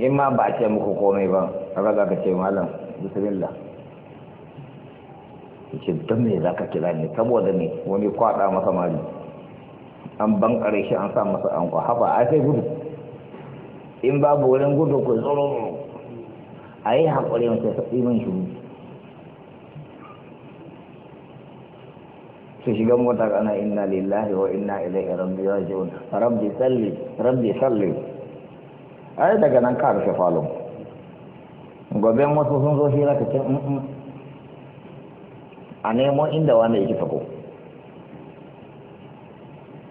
in ma ba ce muku komai ba kaga za ka ce malam bismillah ce don me za ka kira ne saboda ne wani kwada masa mali an ban shi an sa masa an Haba, a sai gudu in babu wurin gudu ku tsoro a yi haƙuri wata saɓi man shuru su shiga mota kana inna lillahi wa inna ilaihi raji'un rabbi salli rabbi salli ai daga nan ka rufe falo. gobe wasu sun zo shi zaka ce a nemo inda wanda yake sako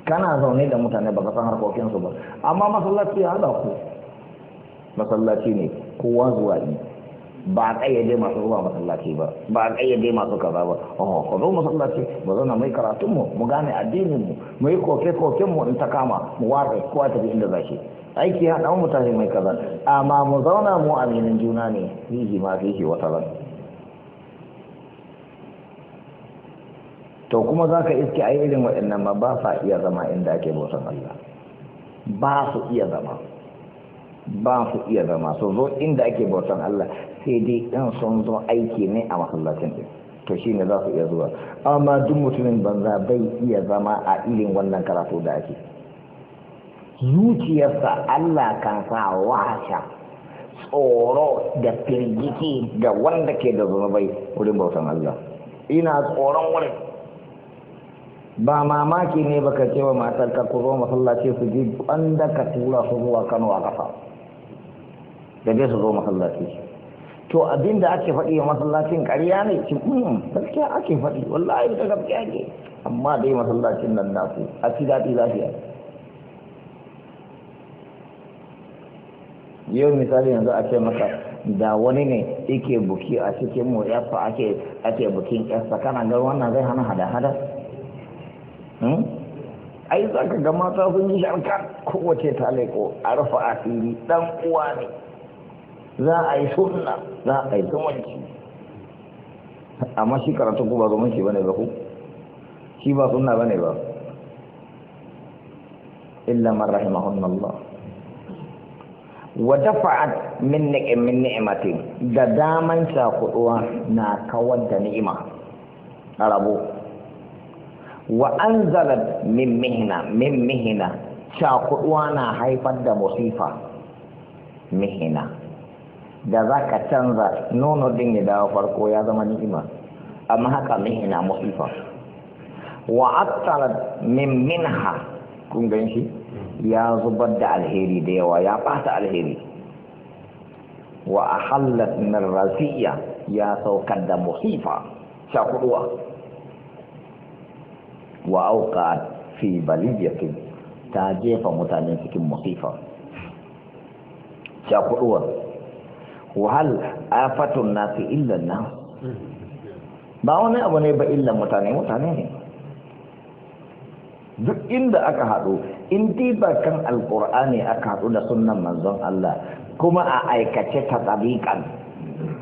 kana zaune da mutane baka san harkokinsu ba amma masallaci ya da ku masallaci ne kowa zuwa ne ba a kayyade masu zuwa masallaci ba ba a kayyade masu kaza ba oh ko zo masallaci mu zauna mai karatun mu mu gane addinin mu mu yi koke koken mu in ta kama mu ware kowa ta inda shi aiki ya dan mutane mai kaza amma mu zauna mu aminin juna ne fihi ma fihi wata ran to kuma za ka iske a irin waɗannan ma ba sa iya zama inda ake bautan Allah ba su iya zama ba su iya zama su zo inda ake bautan Allah sai dai in sun zo aiki ne a masallacin din to shi ne za su iya zuwa amma duk mutumin banza bai iya zama a irin wannan karatu da ake zuciyarsa Allah kan sa wahasha tsoro da firgiki ga wanda ke da bai wurin bautan Allah ina tsoron wurin ba mamaki ne baka ce wa matar ka ku zo masallaci su ji wanda ka tura su zuwa Kano a ƙasa. da dai su zo masallaci to abin da ake faɗi a masallacin ƙarya ne ci hmm, gaskiya ake faɗi wallahi da gaskiya ne amma dai masallacin nan su a ci daɗi lafiya yau misali yanzu a ce maka da wani ne yake buki a cikin mu yarsa ake ake bukin yarsa kana ga wannan zai hana hada hada hmm? ai za ka ga mata sun yi shankar kowace ta laiko a rufe asiri dan uwa ne za a yi sunna za a yi zumunci amma shi karatun ku ba zumunci bane ba ku shi ba sunna bane ba illa man rahimahun Allah wa fa'ad min ni'im min ni'matin da daman shakuduwa na kawar da ni'ima a rabo wa anzalat min mihina min mihna shakuduwa na haifar da musifa mihina da za ka canza nono din ya dawo farko ya zama ni'ima amma haka min ina musifa wa min minha kun gan ya zubar da alheri da yawa ya fata alheri wa ahallat min raziya ya saukar da musifa sha kuduwa wa auqat fi ta jefa mutane cikin musifa sha kuduwa wahal a afatun nasi illan nan ba wani abu ne ba illan mutane mutane ne duk inda aka haɗu in diba kan alƙur'ani aka haɗu da sunan manzon Allah kuma a aikace ta tsabiƙan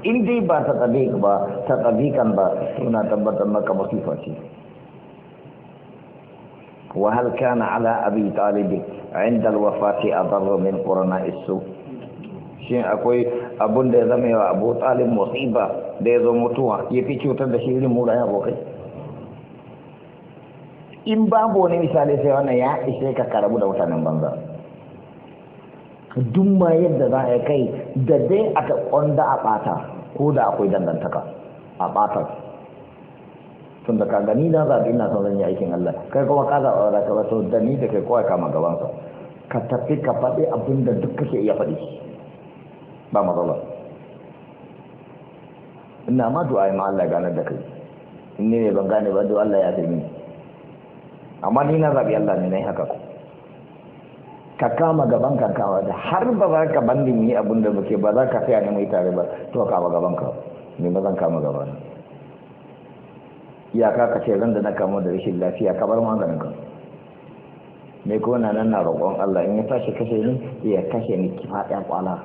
in dai ba ta tsabiƙ ba ta tsabiƙan ba suna tabbatar maka masifa ce وهل كان على أبي طالب عند الوفاة أضر من قرناء السوء Shin akwai abun da ya zama yawa abu talib musiba da ya zo mutuwa ya fi cutar da shi irin ya abokai in babu wani misali sai wannan ya ishe ka karabu da mutanen banza duk ma yadda za a kai da dai aka kwanda a bata ko da akwai dangantaka a bata tun da ka gani na zaɓi ina son zan yi aikin Allah kai kuma ka zaɓa da ka ba to da ni da kai kawai kama gabansa ka tafi ka faɗi abin da duk kake iya faɗi ba matsala ina ma du'a ma Allah ganar da kai in ne ban gane ba du'a Allah ya fi mini amma ni na zabi Allah ne na yi haka ko ka kama gaban ka kama da har ba za ka bandi mu yi abin da muke ba za ka fiya ne mu yi tare ba to kama gaban ka ne ba zan kama gaban iyaka ka ce ran da na kama da rashin lafiya ka bar maganin ka me ko na nan na roƙon Allah in ya tashi kashe ni ya kashe ni kifa ɗan kwala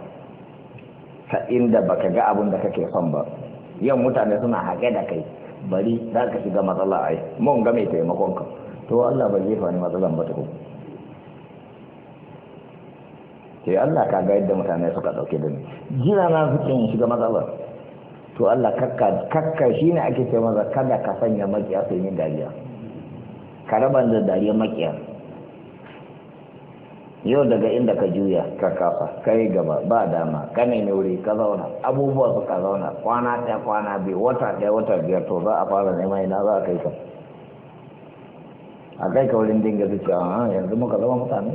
ta inda baka ga abin da kake son ba yau mutane suna haƙe da kai bari za ka shiga matsala ai mun ga mai taimakon ka to Allah bai jefa ni matsalan ba tukun ke Allah ka ga yadda mutane suka dauke da ni jira na suke mun shiga matsala to Allah kakka kakka shine ake ce maza kada ka sanya makiya sai yin dariya ka raba da dariya makiya yau daga inda ka juya ka kafa ka yi gaba ba dama ka nemi wuri ka zauna abubuwa su ka zauna kwana ɗaya kwana biyu wata ɗaya wata biyar to za a fara nema ina za a kai ka a kai ka wurin dinga zuciya a yanzu muka zama mutane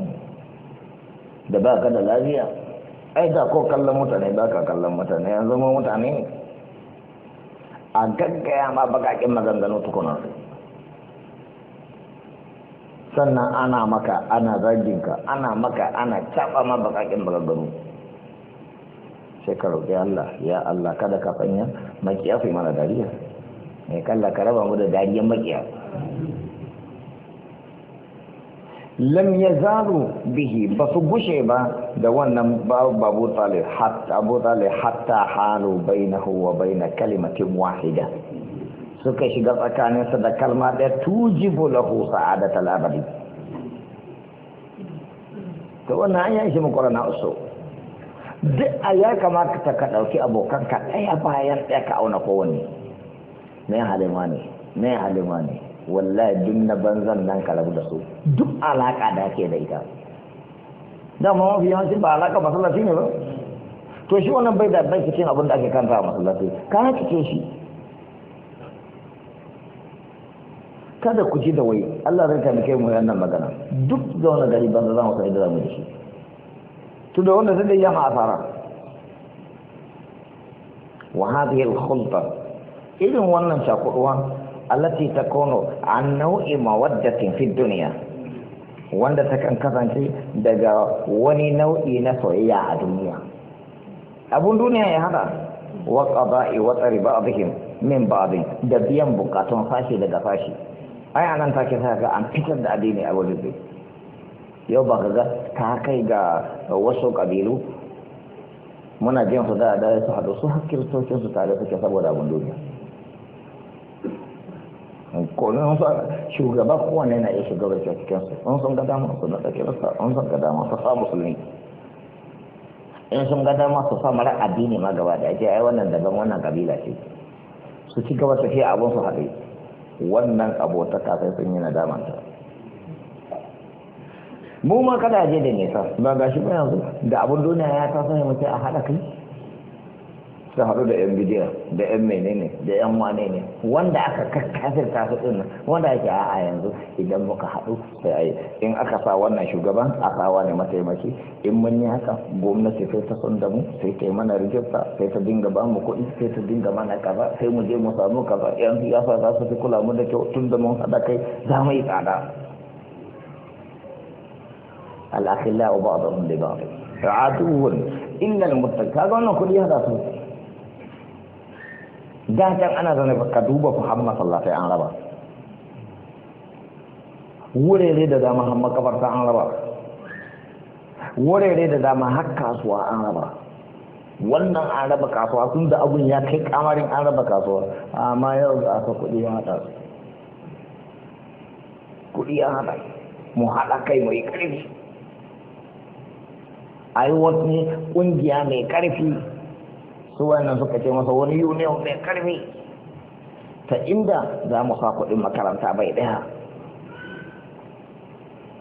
da ba ka da lafiya ai da ko kallon mutane ba ka kallon mutane yanzu mu mutane a gaggaya ma bakakin maganganu tukunan su sannan ana maka ana zaginka ana maka ana caɓa ma bakakin maganganu sai ka roƙi Allah ya Allah kada ka fanya makiya su mana dariya mai kalla ka raba mu da dariyar makiya lam yazalu bihi ba su gushe ba da wannan babu talib hatta abu talib hatta halu bainahu wa bain kalimatin wahida suka shiga tsakaninsa da kalma ɗaya husa a da talabari to wannan an yanshi makwara na uso duk a ya kamata ka ɗauki abokanka ɗaya bayan ɗaya ka auna kowanne mai halima ne mai halima ne wallahi duk na banzan nan ka rabu da su duk alaƙa da ake da ita da ma mafi yawanci ba alaƙa masallaci ne ba to shi wannan bai da bai cikin abin da ake kanta a masallaci ka cikin shi kada ku ji da wai Allah zai taimake mu wannan magana duk da wani gari banza za mu sai da zamu da shi to da wanda zai yi ma asara wa hadhihi al-khulta irin wannan shakuduwa allati takunu an nau'i mawaddatin fi dunya wanda ta kan kasance daga wani nau'i na soyayya a duniya abun duniya ya hada wa qada'i wa tsari ba'dihim min ba'dhin da biyan bukatun fashi daga fashi ai anan take sa ga an fitar da addini a wajen bai yau ba ka ga ta kai ga wasu kabilu muna jin su da da su haɗu su kiristocin su tare suke saboda abin duniya sa shugaba kowane na iya shugabar cikin su in sun gada dama su na ɗauke rasa in sun gada dama su sa musulmi in sun ga dama su sa mara addini ma gaba da ake ai wannan daban wannan kabila ce su ci gaba su ke abin su haɗu wannan abota sai sun yi na damanta, mu ma kada je da nesa ba ga shi ba yanzu da abun duniya ya ta sanya mace a haɗa kai su haɗu da yan bidiyo da yan menene da yan wane ne wanda aka kafin tasu ɗin wanda ake a yanzu idan muka haɗu sai a yi in aka sa wannan shugaban a sawa ne mataimaki in mun yi haka gwamnati sai ta son da mu sai ta yi mana rijista sai ta dinga ba mu kuɗi sai ta dinga mana kaza sai mu je mu samu kaza yan siyasa za su fi kula mu da kyau tun da mun haɗa kai za mu yi tsada al'akhillahu ba'dhum li ba'd عدو إلا المتقين هذا أنه كل su. da can ana zane ka duba fa hamma sallatai an raba wurare da dama hamma kafarta an raba wurare da dama har kasuwa an raba wannan an raba kasuwa tun da abun ya kai kamarin an raba kasuwa amma yau za ka kuɗi ya haɗa kuɗi ya haɗa mu haɗa kai mai ƙarfi a yi wani ƙungiya mai ƙarfi su wannan suka ce masa wani yiwu ne mai karfi ta inda za mu sa kuɗin makaranta bai ɗaya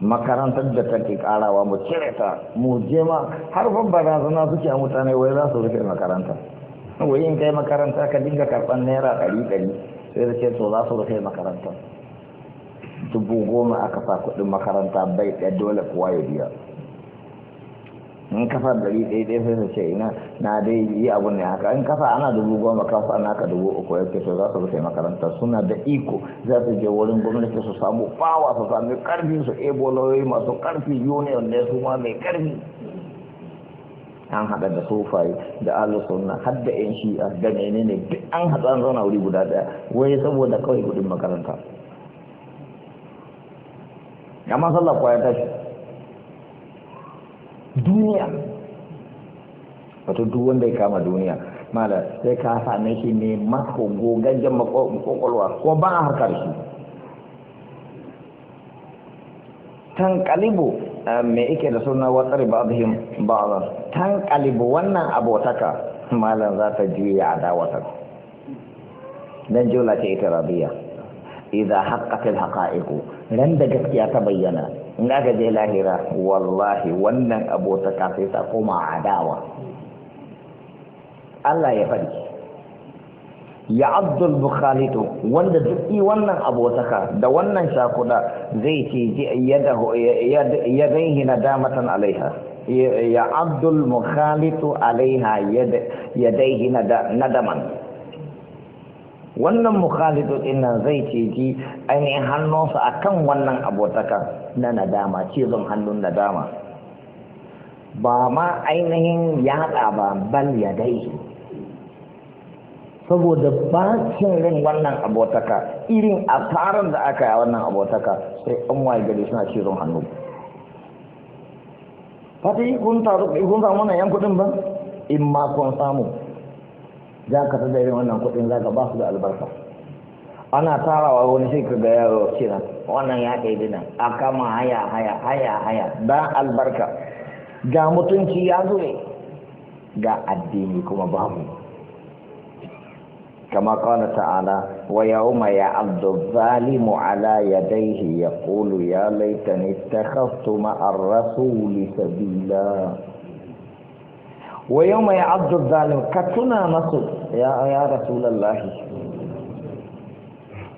makarantar da take karawa mu cire ta mu je ma har ban barazana suke a mutane wai za su rufe makaranta wai in kai makaranta ka dinga karɓar naira ɗari ɗari sai da ce to za su rufe makaranta dubu goma aka sa kuɗin makaranta bai ɗaya dole kuwa ya biya in kafa dari ɗaya ɗaya sai su ce ina na dai yi abu ne haka in kafa ana dubu goma kafa ana ka dubu uku ya ce to za su rufe makarantar suna da iko za su je wurin gwamnati su samu bawa su sami karfi su ebo lauyoyi masu karfi union ne su ma mai karfi an haɗa da sofai da alu sunna har da yan shi'a da menene duk an haɗa an zauna wuri guda ɗaya wai saboda kawai kuɗin makaranta amma sallah kwaya tashi duniya wato duk wanda ya kama duniya mala sai ka same shi ne mako gogajen makokwalwa ko ba a harkar shi tankalibu eh, me ike da suna watsar ba'dihim ba'dhan tankalibu wannan abotaka malam za ta juya a adawata. dan jula ce ita rabiya idza haqqatil haqa'iqu ran da gaskiya ta bayyana in aka je lahira wallahi wannan abota sai ta koma adawa Allah ya faɗi ya abdul bukhalitu wanda duk wannan abotaka da wannan shakuda zai ce ya zai nadamatan alaiha ya abdul mukhalitu alaiha ya dai nadamatan wannan mukhalidu ina zai zai ceci ainihin hannunsa a kan wannan abotakan na nadama cizon hannun nadama ba ma ainihin yada ba bal ya dai saboda bakin rin wannan abotaka irin a tarin da aka yi a wannan abotaka sai an waye gari suna cizon hannu fata yi kun taru kun samu wannan yan kudin ba in ma kun samu za ka ta irin wannan kudin za ka ba su da albarka ana tarawa wani sai ka ga yaro kira wannan ya kai dinan a kama haya haya haya haya dan albarka ga mutunci ya ne ga addini kuma babu كما قال تعالى ويوم يعض الظالم على يديه يقول يا ليتني اتخذت مع الرسول سبيلا wa yau mai abdul zalim ka tuna masu ya ya rasulallahi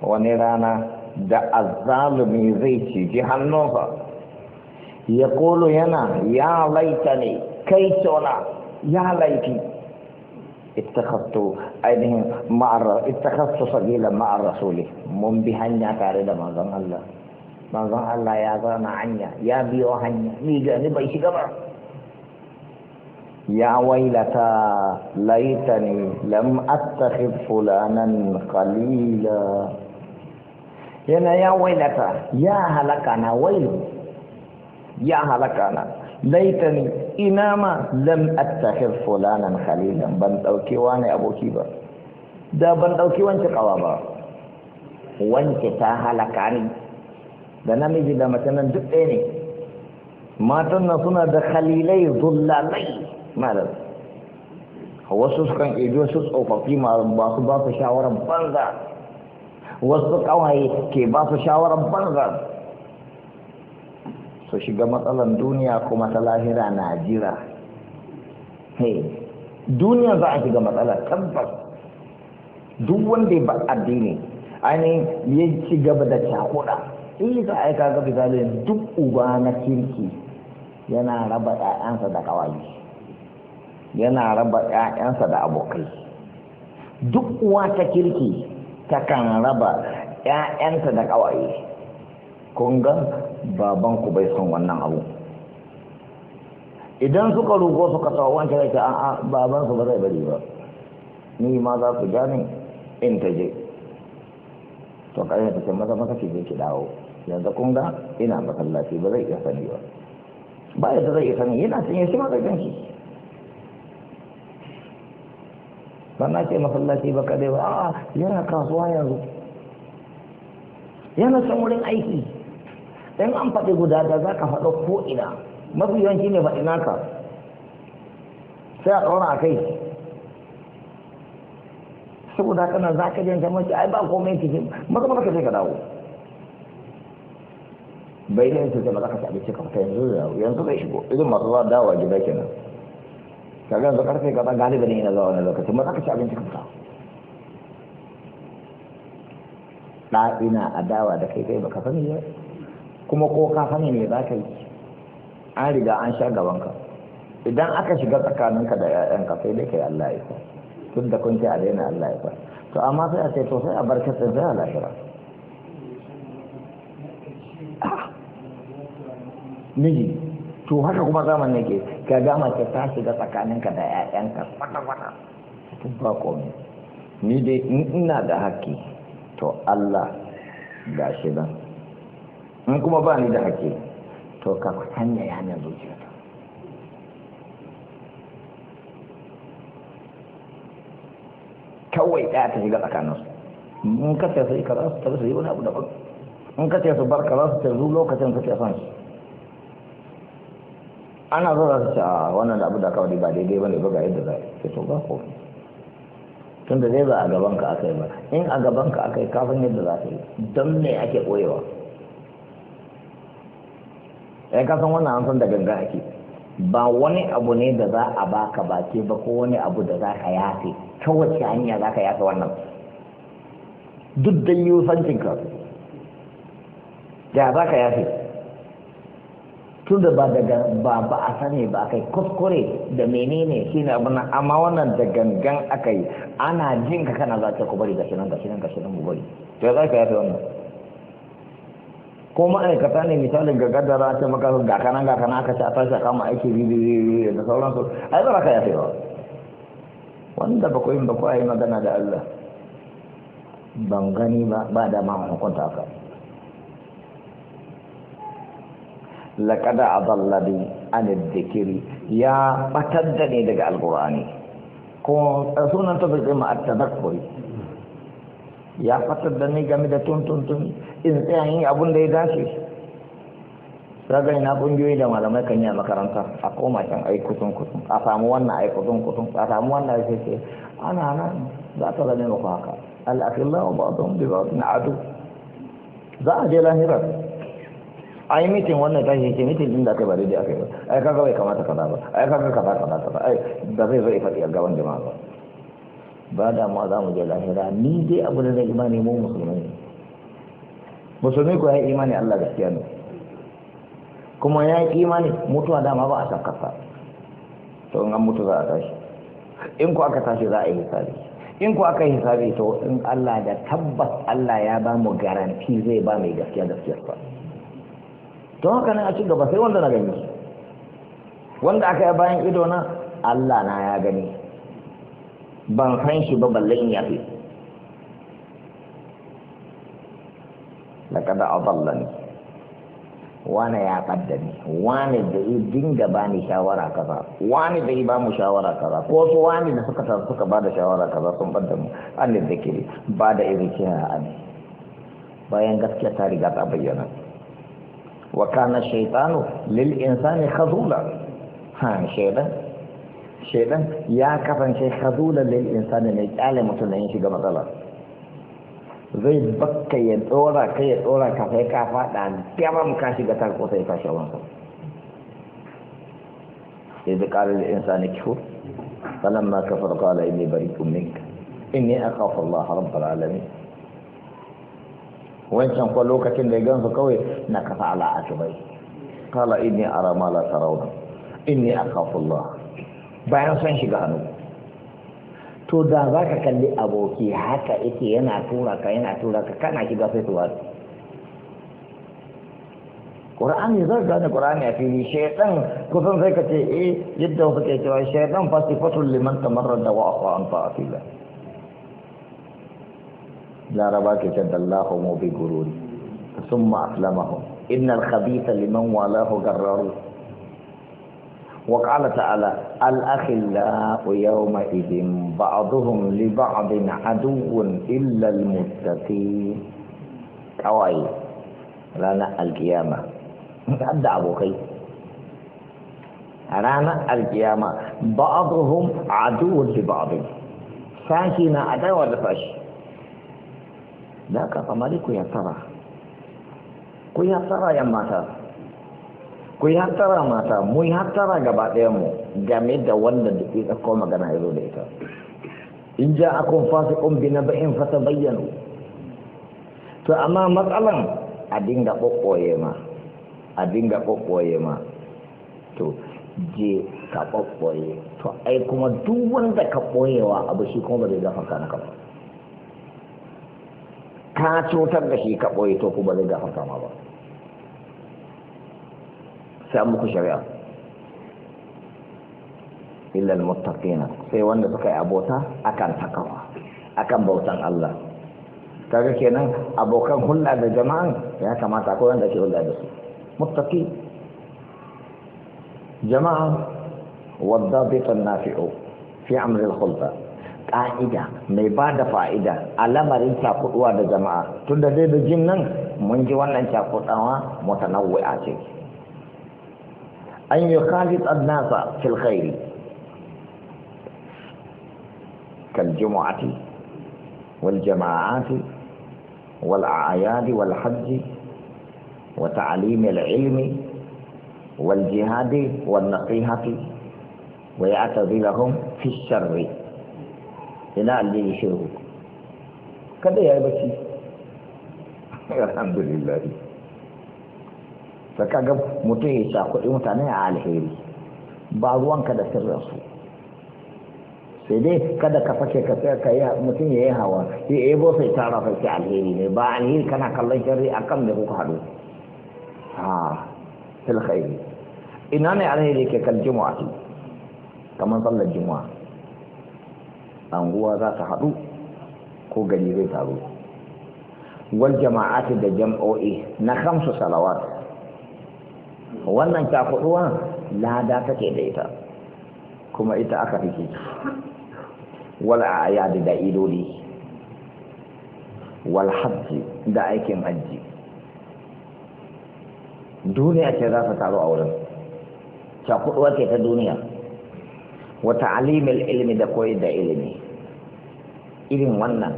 wani rana da azzalumi zai ciji hannunsa ya kolo yana ya laita ne kai tona ya laifi ittakhattu ainihin ma'ar ittakhattu sabila ma'ar rasuli mun bi hanya tare da manzon Allah manzon Allah ya zana hanya ya biyo hanya ni ga ni bai shiga ba Ya wailata laitani ويلتى ليتني fulanan أتخذ Yana ya wailata ya ويلتى na wailu ya يا na laitani inama ma lam attakhir fulanan khalilan ban dauke wani aboki ba da ban dauke wance kawa ba wance ta halaka ni da namiji da mace nan duk ɗaya ne matan nan suna da khalilai zullalai malam wasu sukan ido su tsofaffi ba su ba su shawarar banza wasu kawaye ke ba su shawarar banza su shiga matsalan duniya kuma ta lahira na jira duniya za a shiga matsala tabbas duk wanda ba addini ainihin ya ci gaba da cakuɗa in za a yi kaga duk uba na kirki yana raba 'ya'yansa da kawai yana raba ‘ya'yansa da abokai duk uwa ta kirki takan raba ‘ya'yanta da ƙawaye kunga babanku bai son wannan abu idan suka rugo suka sa wancan yake a su ba zai bari ba ni ma za su ni in ta je to ƙarfi ta ce maza maza ki je ki dawo yanzu kunga ina masallaci ba zai iya sani ba ba yadda zai iya sani yana cinye shi ma zai ganki ba na ce masallaci ba kadai ba a yana kasuwa yanzu yana son wurin aiki in an faɗi guda da za ka faɗa ko ina mafi yawanci ne faɗi naka sai a ɗora a kai saboda haka nan za ka jan ta mace ai ba komai cikin maka maza sai ka dawo bai da yanzu ba za ka ci abinci ka fita yanzu yanzu bai shigo irin masu za dawa gida kenan kaga yanzu karfe gaba galiba ne yana zuwa wani lokaci ma za ka ci abinci kanka da ina adawa da kai kai baka sani ba kuma ko ka sani ne za ka yi an riga an sha gaban ka. idan aka shiga tsakanin ka da ka, sai dai kai Allah ya tun da kun ce a daina Allah ya to amma sai a ce to sai a bar kitsin sai a lahira ah! miji to haka kuma zaman yake ka gama ta ta shiga tsakaninka da ƴaƴanka kwata-kwata tun ba komai ni dai in ina da haƙƙi to Allah ga shi nan in kuma ba ni da haƙƙi to ka sanya yanar zuciyata kawai ɗaya ta shiga tsakaninsu in ka sai ka za su tabi su yi wani abu daban in ka sai su bar ka za su tabi lokacin ka son shi ana zo su ce a wannan abu da kawai ba daidai ba ne ba ga yadda za a to ba ko tun da zai ba a gaban ka aka yi ba in a gaban ka aka yi kafin yadda za ka yi don me ake ɓoyewa ya san wannan an san da ganga ake ba wani abu ne da za a baka baki ba ko wani abu da za ka yafe ta wacce hanya za ka yafe wannan duk da yi ka da za ka yafe tun da ba daga ba ba a sani ba kai kuskure da menene shi ne abin amma wannan da gangan aka yi ana jin ka kana za ta ku bari gashi nan gashi nan gashi nan mu bari to za ka yafe wannan ko ma'aikata ne misalin ga gaddara ta maka ga kana ga kana aka ci a tashi a kama aiki biyu da sauransu ai ba za ka yafe ba wanda ba ku yi ba ku yi magana da Allah ban gani ba ba da ma hukunta ka. laƙada a zallari an zikiri ya batar da ne daga alƙur'ani ko sunan ta zai ma'a tadakkuri ya batar da ne game da tuntuntun in tsayayin abin da ya dace raga ina ƙungiyoyi da malamai kan yi a makaranta a koma can yi kusun kusun a samu wannan a yi kusun kusun a samu wannan ai sai ana nan za ta zame muku haka al'akillahu ba'dhum bi na adu za a je lahirar Ayi mitin wannan tashi ke mitin din da aka bari ba aka yi ba ai kaga bai kamata kaza ba ai kaga kaza kaza kaza ai da zai zo ya faɗi a gaban ba ba da ma za mu je lahira ni dai abu da zai imani mu musulmai ne musulmi ko ya imani Allah gaskiya ne kuma ya imani mutuwa dama ba a san kasa to in an mutu za a tashi in ko aka tashi za a yi hisabi in ko aka yi hisabi to in Allah da tabbas Allah ya ba mu garanti zai ba mai gaskiya gaskiya ba to haka ne a ci gaba sai wanda na gani wanda aka yi bayan ido na Allah na ya gani ban san shi ba ya fi yafi da adallani wani ya kaddani wani da yi dinga ba ni shawara kaza wani da yi ba mu shawara kaza ko su wani da suka tafi suka ba da shawara kaza sun bar da mu an da ke ba da irin kiyaye bayan gaskiya ta riga ta bayyana وكان الشيطان للإنسان خذولا ها شيئا شيئا يا كفن شيء خذولا للإنسان نجعل يعني متنعين شيء مثلا زي بكة يدورا كي يدورا كفه كافا دان بيما مكاشي قتل قوتي فاشوان إذا قال للإنسان كفر فلما كفر قال إني بريء منك إني أخاف الله رب العالمين wancan kwa lokacin da ya gansu kawai na kasa ala a shubai kala inni ara ma la tarawna inni akhafullah bayan san shiga hannu to da za ka kalli aboki haka yake yana tura ka yana tura ka kana shiga sai su wasu ƙura'ani zai gane ƙura'ani a fili shaitan kusan sai ka ce eh yadda wasu ke cewa shaitan fasifatul liman tamarra da wa'afa an fa'a fila لا لارباك جد الله مو بغرور ثم أسلمه إن الخبيث لمن والاه قرر وقال تعالى الأخلاء يومئذ بعضهم لبعض عدو إلا المتقين كوائي رانا القيامة أدى أبو رانا القيامة بعضهم عدو لبعض ساكنة أدى ولا فاشل da aka samari ku yassara ku yassara yan mata ku yassara mata mu yassara gaba mu game da wanda da ke tsakko magana ya zo da ita in ja akun kun bi na ba'in fata bayyana, to amma matsalan a dinga ɓoɓɓoye ma a dinga ɓoɓɓoye ma to je ka ɓoɓɓoye to ai kuma duk wanda ka ɓoyewa abu shi kuma ba zai gafa ka kafa ka cutar da shi ka ɓoye to ku ba zai gafarta ma ba sai an muku shari'a illal muttaqina sai wanda suka yi abota akan takawa akan bautan Allah kaga kenan abokan hulɗa da jama'an ya kamata akwai wanda ke hulɗa da su muttaqi jama'a wadda bitan nafi'u fi amril hulɗa. ƙa'ida mai ba da fa'ida a lamarin cakuɗuwa da jama'a tun da dai da jin nan mun ji wannan cakuɗawa mutanawwi'a ce an yi khalid annasa fil khairi kal jumu'ati wal jama'ati wal a'yadi wal hajji wa ta'lim al ilmi wal jihadi wal nasihati wa ya'tazilahum fi sharri ina shi shehu kada ya yi bacci alhamdulillah saka ga mutum ya sa kuɗi mutane a alheri ba ruwanka da sirrinsu sai dai kada ka fashe ka tsaye ka yi mutum ya yi hawa sai ya yi bosa ya tara fashe alheri ne ba alheri kana kallon shari a kan da kuka haɗu ha fil ina ne alheri ke kan su kamar tsallar jimu'a anguwa za ta haɗu ko gari zai taru wal jama'ati da jam'o'i na kamsu salawat wannan cakuɗuwa lada take da ita kuma ita aka fi wal ayadi da idoli wal hajji da aikin hajji duniya ce za ta taru a wurin cakuɗuwa ce ta duniya Wata ta'limil ilmi da koyar da ilimi irin wannan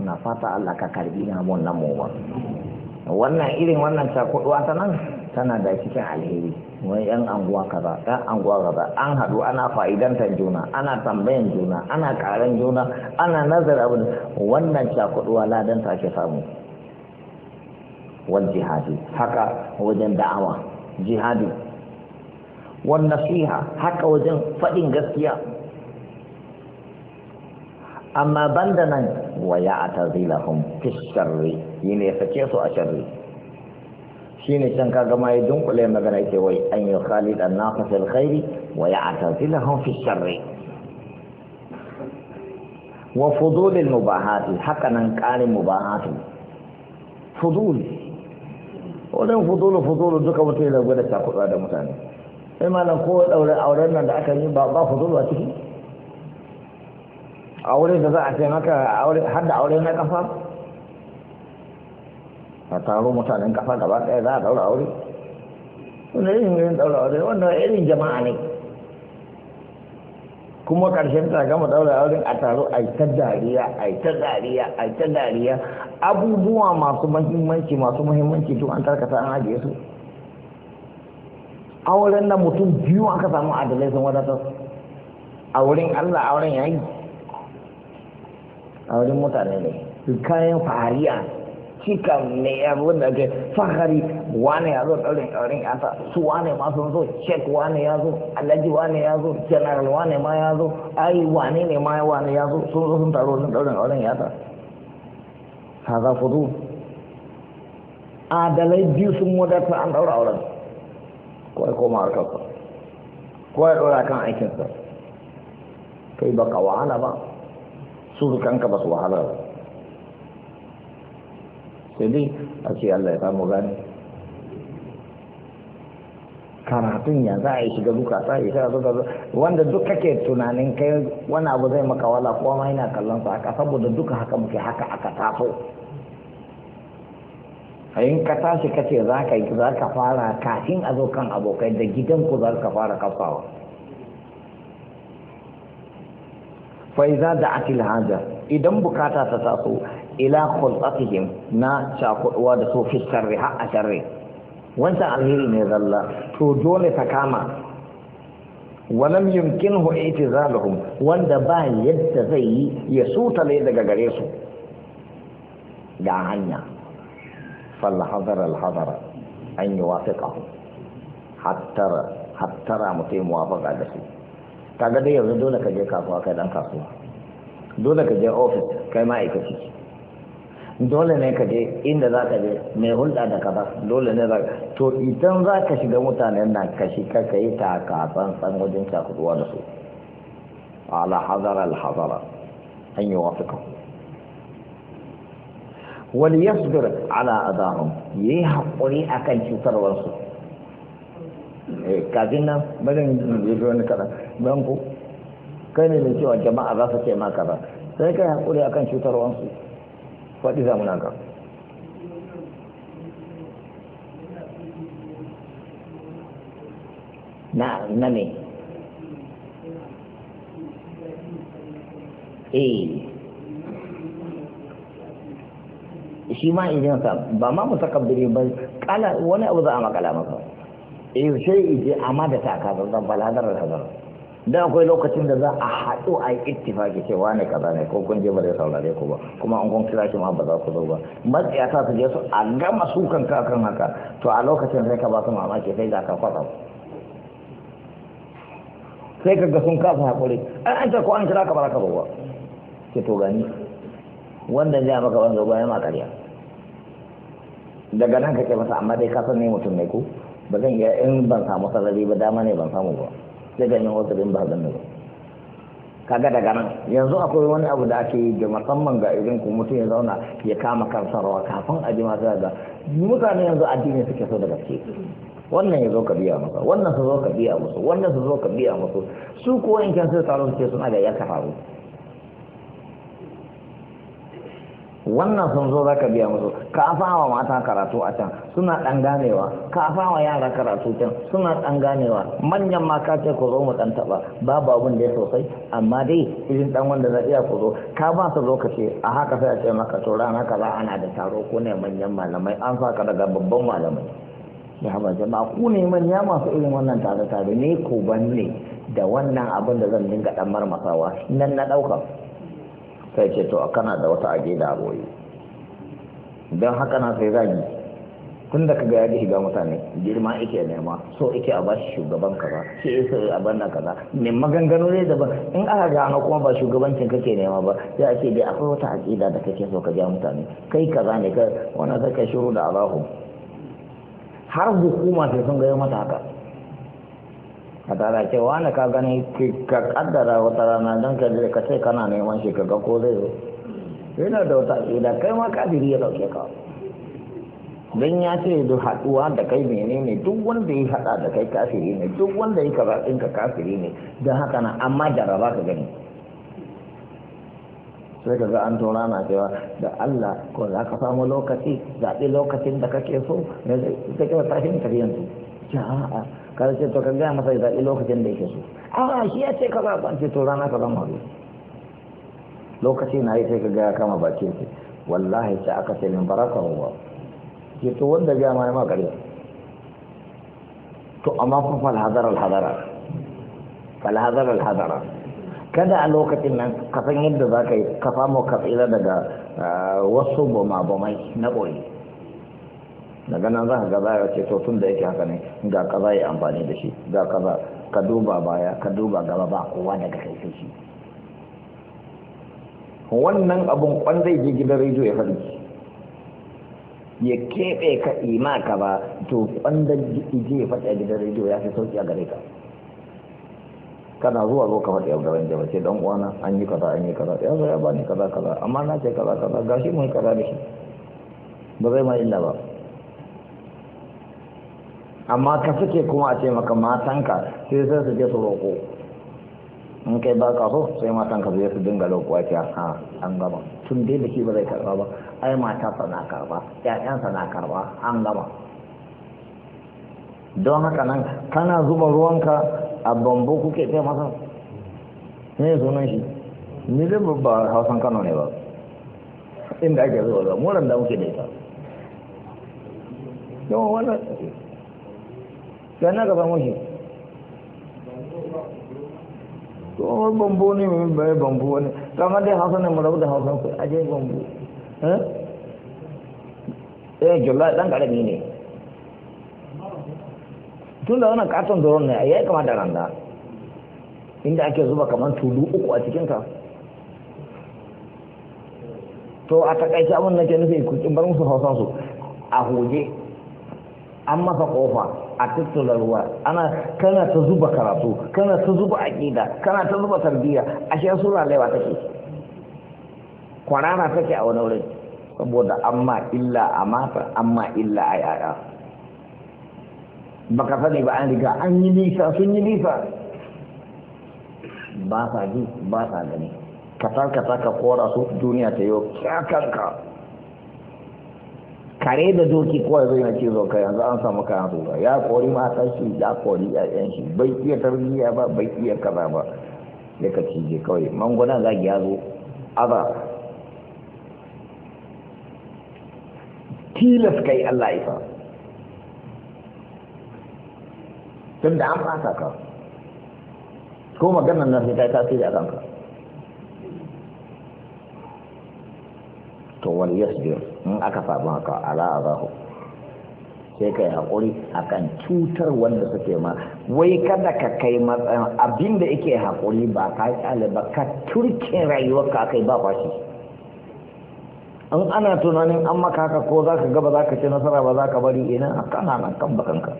na fata Allah ka karbi na wannan mu wannan irin wannan cakuduwa ta nan tana da cikin alheri wani yan anguwa kaza dan anguwa kaza an haɗu ana fa'idantar juna ana tambayan juna ana ƙaran juna ana nazarin abin wannan cakuduwa ladan ta ke samu wal jihadi haka wajen da'awa jihadi wannasiha haka wajen fadin gaskiya amma banda nan wa ya atazilahum fi sharri ya sake su a sharri shine can kaga ma ya dunkule magana yake wai an yi khalid an nasa fil khairi waya ya atazilahum fi sharri wa fudulil mubahati haka nan ƙarin mubahati fudul wajen fudulu fudulu duka mutum ya rabu da cakuɗa da mutane sai malam ko daure auren nan da aka yi ba ba fudul a ciki aure da za a ce maka aure har da aure na kafa a taro mutanen kafa gaba kai za a daura aure wanda irin irin daura aure wanda irin jama'a ne kuma ƙarshen ta gama daura aure a taro a ta dariya a ta dariya a ta dariya abubuwa masu muhimmanci masu muhimmanci to an tarkata an ajiye su auren na mutum biyu aka samu adalai sun wadatar a wurin allah auren ya yi a wurin mutane ne kayan fahariya cika ne abin da ke fahari wane ya zo ɗaurin ɗaurin yata su wane ma sun zo shek wane ya zo alhaji wane ya zo general wane ma ya zo ai wane ne ma wane ya zo sun zo sun taro sun ɗaurin ɗaurin za ku zo adalai biyu sun wadatar an ɗaura auren ko ya koma harkarsa ko ya ɗora kan aikinsa kai baka wahala ba kanka ba su wahala ba sai dai a ce Allah ya samu gani karatun ya za a yi shiga duka zukata yi shiga duka wanda duk kake tunanin kai wani abu zai maka wala kowa ma yana kallon sa haka saboda duka haka muke haka aka taso in ka tashi ka ce za ka za ka fara kafin a zo kan abokai da gidanku za ka fara kafawa faiza da akil hajar idan bukata ta taso ila kultatihim na cakuduwa da su fiskar riha a sharri wancan alheri ne zalla to dole ta kama walam yumkinhu itizaluhum wanda ba yadda zai yi ya sutale daga gare su ga hanya فالحذر الحذر أن يوافقه حتر حتر متي موافقة ده kaga dai yanzu dole ka je kasuwa kai dan kasuwa dole ka je ofis kai ma'aikaci dole ne ka je inda za ka je mai hulɗa da kaza dole ne za to idan za ka shiga mutanen nan ka shiga ka yi takatsan san wajen cakuduwa da su ala hazara al hazara an yi wasu kan wani yasbir ala adahum yayi hakuri akan cutarwar su kafin nan barin yanzu wani kaɗan ban ku kai ne mai cewa jama'a za su ce ma kaza sai kai hakuri akan cutarwar su faɗi za mu naka na na ne eh shi ma in jinsa ba ma mutakabbiri ba kala wani abu za a makala masa eh sai a amma da ta ka zan baladar hazar da akwai lokacin da za a haɗu a yi ittifaki cewa ne kaza ne ko kun je ba zai saurare ku ba kuma an kun kira shi ma ba za ku zo ba matsiya ta su je su a gama su ka akan haka to a lokacin sai ka ba su mamaki sai za ka kwasa sai ka ga sun kasa haƙuri an ta ko an kira ka ba za ka ba ke to gani wanda zai maka wanda ya bayan ƙarya daga nan ka ce masa amma dai ka san ne mutum ne ku ba zan iya in ban samu sarari ba dama ne ban samu ba sai ganin wasu din ba zan ne ba kaga daga nan yanzu akwai wani abu da ake yi da musamman ga irin ku mutum ya zauna ya kama kansa rawa kafin a ma sai ga mutane yanzu addini suke so da gaske wannan ya zo ka biya masa wannan su zo ka biya musu wannan su zo ka biya musu su kuwa in kan sai taro suke suna da ya ka faru wannan sun zo zaka biya musu ka wa mata karatu a can suna dan ganewa ka afawa yara karatu can suna dan ganewa manyan ma ka ce ku zo mu dan taba babu abin da ya sosai amma dai irin dan wanda za iya ku zo ka ba su lokaci a haka sai a ce maka to rana kaza ana da taro ko ne manyan malamai an saka daga babban malamai ya ba jama'a ku ne manya masu irin wannan tare tare ne ko ban ne da wannan abin da zan dinga dan marmasawa nan na dauka sai ce to kana da wata agida a boye don haka na sai zagi tun da ka gaya da shiga mutane girma ike nema so ike a bashi shugaban kaza ke isa a banda kaza ne maganganu ne daban in aka gano kuma ba shugabancin kake nema ba sai ake ce dai akwai wata aqida da kake so ka ja mutane kai kaza ne ka wannan sai shiru da Allahu har hukuma sai sun ga mata haka a tara ce wani ka gani ka kaddara wata rana don ka je ka ce kana neman shi kaga ko zai zo yana da wata aƙida kai ma kadiri ya dauke ka don ya ce da haɗuwa da kai menene duk wanda ya haɗa da kai kafiri ne duk wanda ya kaza ka kafiri ne don haka na amma jaraba ka gani sai ka ga an tura na cewa da Allah ko za ka samu lokaci zaɓi lokacin da kake so ne zai ta kyauta shi ne yanzu karshe to ka gaya masa ya zaɓi lokacin da yake so a shi ya ce kaza ban ce to rana zama mu lokaci na yi sai ka gaya kama baki ce wallahi sai aka ce min baraka ruwa ce to wanda gaya ma ya ma ƙarya to amma fa falhazar hadara falhazar hadara kada a lokacin nan ka san yadda za ka yi ka famo ka tsira daga ah, wasu boma bomai na ɓoye daga nan za ka gaza ya ce to tun da yake haka ne ga kaza ya amfani da shi ga kaza ka duba baya ka duba gaba ba kowa daga kai sai shi wannan abun kwan zai je gidan rediyo ya faɗi ya keɓe ka ima ka ba to kwan da je ya faɗi a gidan rediyo ya fi sauki a gare ka kana zuwa zo ka faɗi a gaban jama'a ce dan uwana an yi kaza an yi kaza ya zo ya bani kaza kaza amma na ce kaza kaza gashi mun kaza da shi ba zai ma illa ba amma ka suke kuma a ce maka matanka sai sai su je su roƙo in kai ba ka so sai matanka zai su dinga roƙo ce ha an gama tun dai da shi ba zai karba ba ai matarsa na karba ƴaƴansa na karba an gama don haka nan kana zuba ruwanka a bambu kuke kai masa ne sunan shi ni zai babba hausan kano ne ba inda ake zuwa ga muran da muke da ita yawan wannan sannan ka samu shi to bambu ne mai bai bambu wani kama dai hausa ne marabu da hausa ku aje bambu eh, eh jula dan karami ne tun da wannan katon doron ne a ya kama da randa inda ake zuba kamar tulu uku a cikin ka to a takaice abin da ke nufi ku bar musu hausansu a huje an masa kofa a tattala ruwa ana kana ta zuba karatu kana ta zuba aƙida kana ta zuba tarbiyya ashe suna laiwa take ta take a wani wurin saboda amma illa a mata amma illa a yaya baka sani ba an riga an yi nisa sun yi nisa ba sa ji ba sa gani kasar ka ka kora su duniya ta yau kyakanka kare da doki kawai zai na ce zo kai yanzu an samu kayan su ya kori matan shi ya kori ƴaƴan shi bai iya tarbiyya ba bai iya kaza ba ya ka cije kawai mangwana za ya zo aza tilas kai Allah ifa tun da an fasa ka ko maganar nan sai ta yi tasiri a kanka to wal yasbir in aka samu haka ala azahu sai kai a kan cutar wanda suke ma wai kada ka kai matsayin abinda yake haƙuri ba ka kyale ba ka turke rayuwarka akai ba kwashi in ana tunanin an maka haka ko za ka gaba za ka ci nasara ba za ka bari ina a kana nan kan bakanka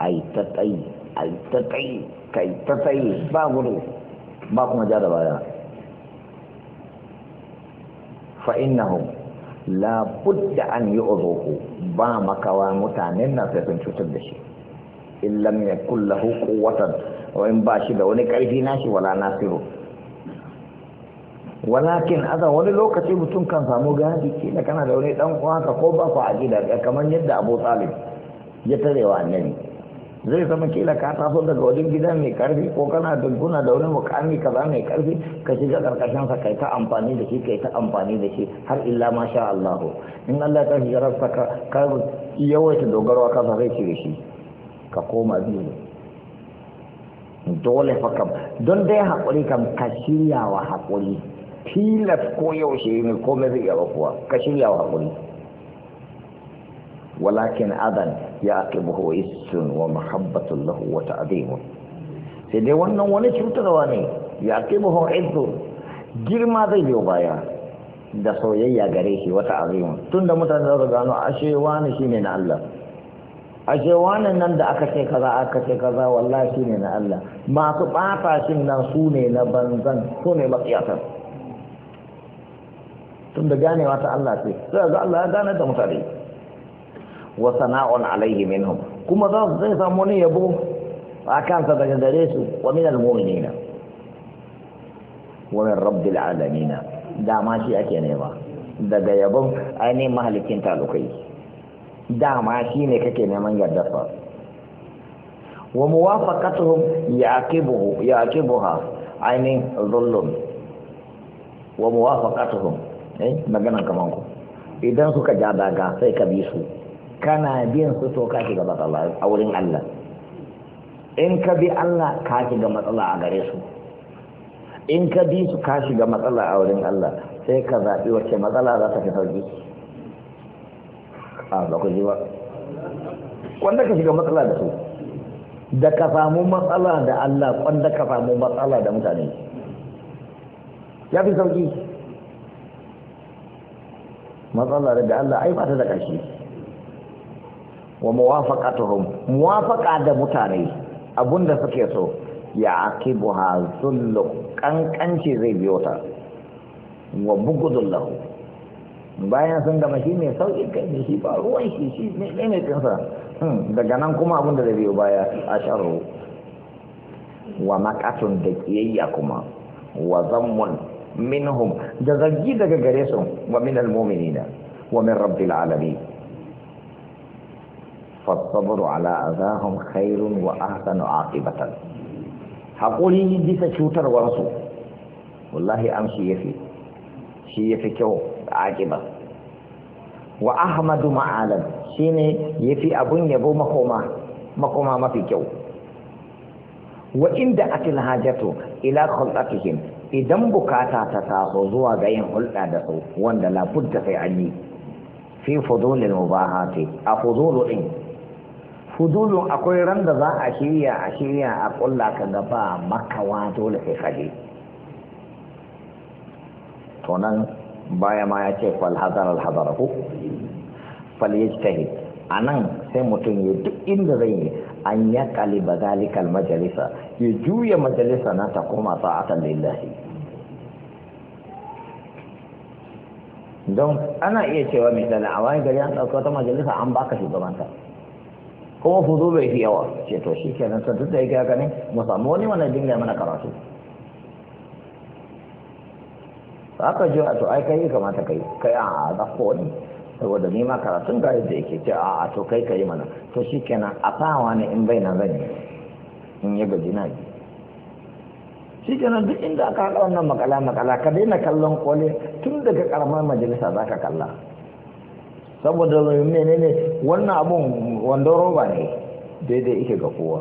ai ta tsayi ai ta tsayi kai ta tsayi ba gudu ba kuma ja da baya fa'inahun labudda an yi ozoku ba makawa mutanen na sai cutar da shi illam ya kulla kowatar wani ba shi da wani ƙarfi nashi wala nasiru walakin aza wani lokaci mutum kan samu gadi ke kana da wani ɗan kwanta ko ba ku a gida kamar yadda abu tsalin ya tarewa annabi zai zama kila ka taso daga wajen gida mai karfi ko kana da wani mukami kaza mai karfi ka shiga karkashin sa kai ta amfani da shi kai ta amfani da shi har illa ma sha Allah in Allah ta shiga rasa ka ka yawaita dogaro ka zai da shi ka koma biyu dole fa kam don dai hakuri kam ka shirya wa hakuri tilas ko yaushe ne komai zai yaba kuwa ka shirya wa hakuri walakin adan wa يعقبه إس ومحبة له وتعظيم سيدي وانا وانا شوترواني يعقبه عز girma zai biyo baya da soyayya gare shi wata azimun tunda mutane za su gano ashe wani shine na Allah ashe wani nan da aka ce kaza aka ce kaza wallahi shine na Allah masu ɓata shi nan su ne na banzan su ne matsiyatan tun da ganewa ta Allah ce sai ga Allah ya gane da mutane wa sana'un alaihi minhum kuma za su zai samu wani yabo a kansa daga gare su wa min almu'minina wa min rabbil alamin dama shi ake nema daga yabon ainihin mahalikin talukai dama shi ne kake neman yardarsa wa muwafaqatuhum yaqibuhu yaqibuha ainihin zullum wa muwafaqatuhum eh maganan kaman ku idan suka ja daga sai ka bi su kana biyan su so ka shiga matsala a wurin Allah in ka bi Allah ka shiga matsala a gare su in ka bi su ka shiga matsala a wurin Allah sai ka zaɓi wacce matsala za ta fi sauki a ba ku ji ba wanda ka shiga matsala da su da ka samu matsala da Allah wanda ka samu matsala da mutane ya fi sauki matsala da Allah ai ba ta da ƙarshe wa muwafaqatuhum muwafaqa da mutane abunda suke so ya aqibuha zullu kankanci zai biyo ta wa bugudun lahu bayan sun gama shi mai sauƙi kai ne shi ba ruwan shi shi ne ɗaya hmm, daga nan kuma abin da zai biyo baya a sharro wa makatun da kiyayya kuma wa zammun minhum da zargi daga gare su wa min almu'minina wa min rabbil alamin fasabru ala azahum khairun wa ahsanu aqibatan hakuri bisa cutar su wallahi an shi yafi shi yafi kyau aqiba wa ahmadu ma'alan shine yafi abun yabo makoma mafi kyau wa inda atil hajatu ila idan bukata ta taso zuwa ga yin hulɗa da su wanda labudda sai an yi fi fudulil mubahati a fudulu ɗin fudulun akwai ran da za a shirya a shirya a kulla ka gaba makawa dole sai kaje to nan baya ma ya ce fal hazar al hazar ko fal yajtahid anan sai mutum ya duk inda zai yi an ya kaliba zalikal majalisa ya juya majalisa na ta koma sa'atan lillahi don ana iya cewa misali a wani gari an ɗauka wata majalisa an baka shugabanta kuma fuzo bai fi yawa ce to shi kenan sun duk da yake haka ne mu samu wani wanda dinga mana karatu aka ji a to ai kai kamata kai kai a da wani saboda ni ma karatun ga yadda yake ce a a to kai kai mana to shi kenan a fawa ne in bai na zan yi in ya gaji na yi shi kenan duk inda aka haɗa wannan makala makala ka daina kallon kole tun daga karamar majalisa za ka kalla saboda menene wannan abun wanda roba ne daidai ike ga kowa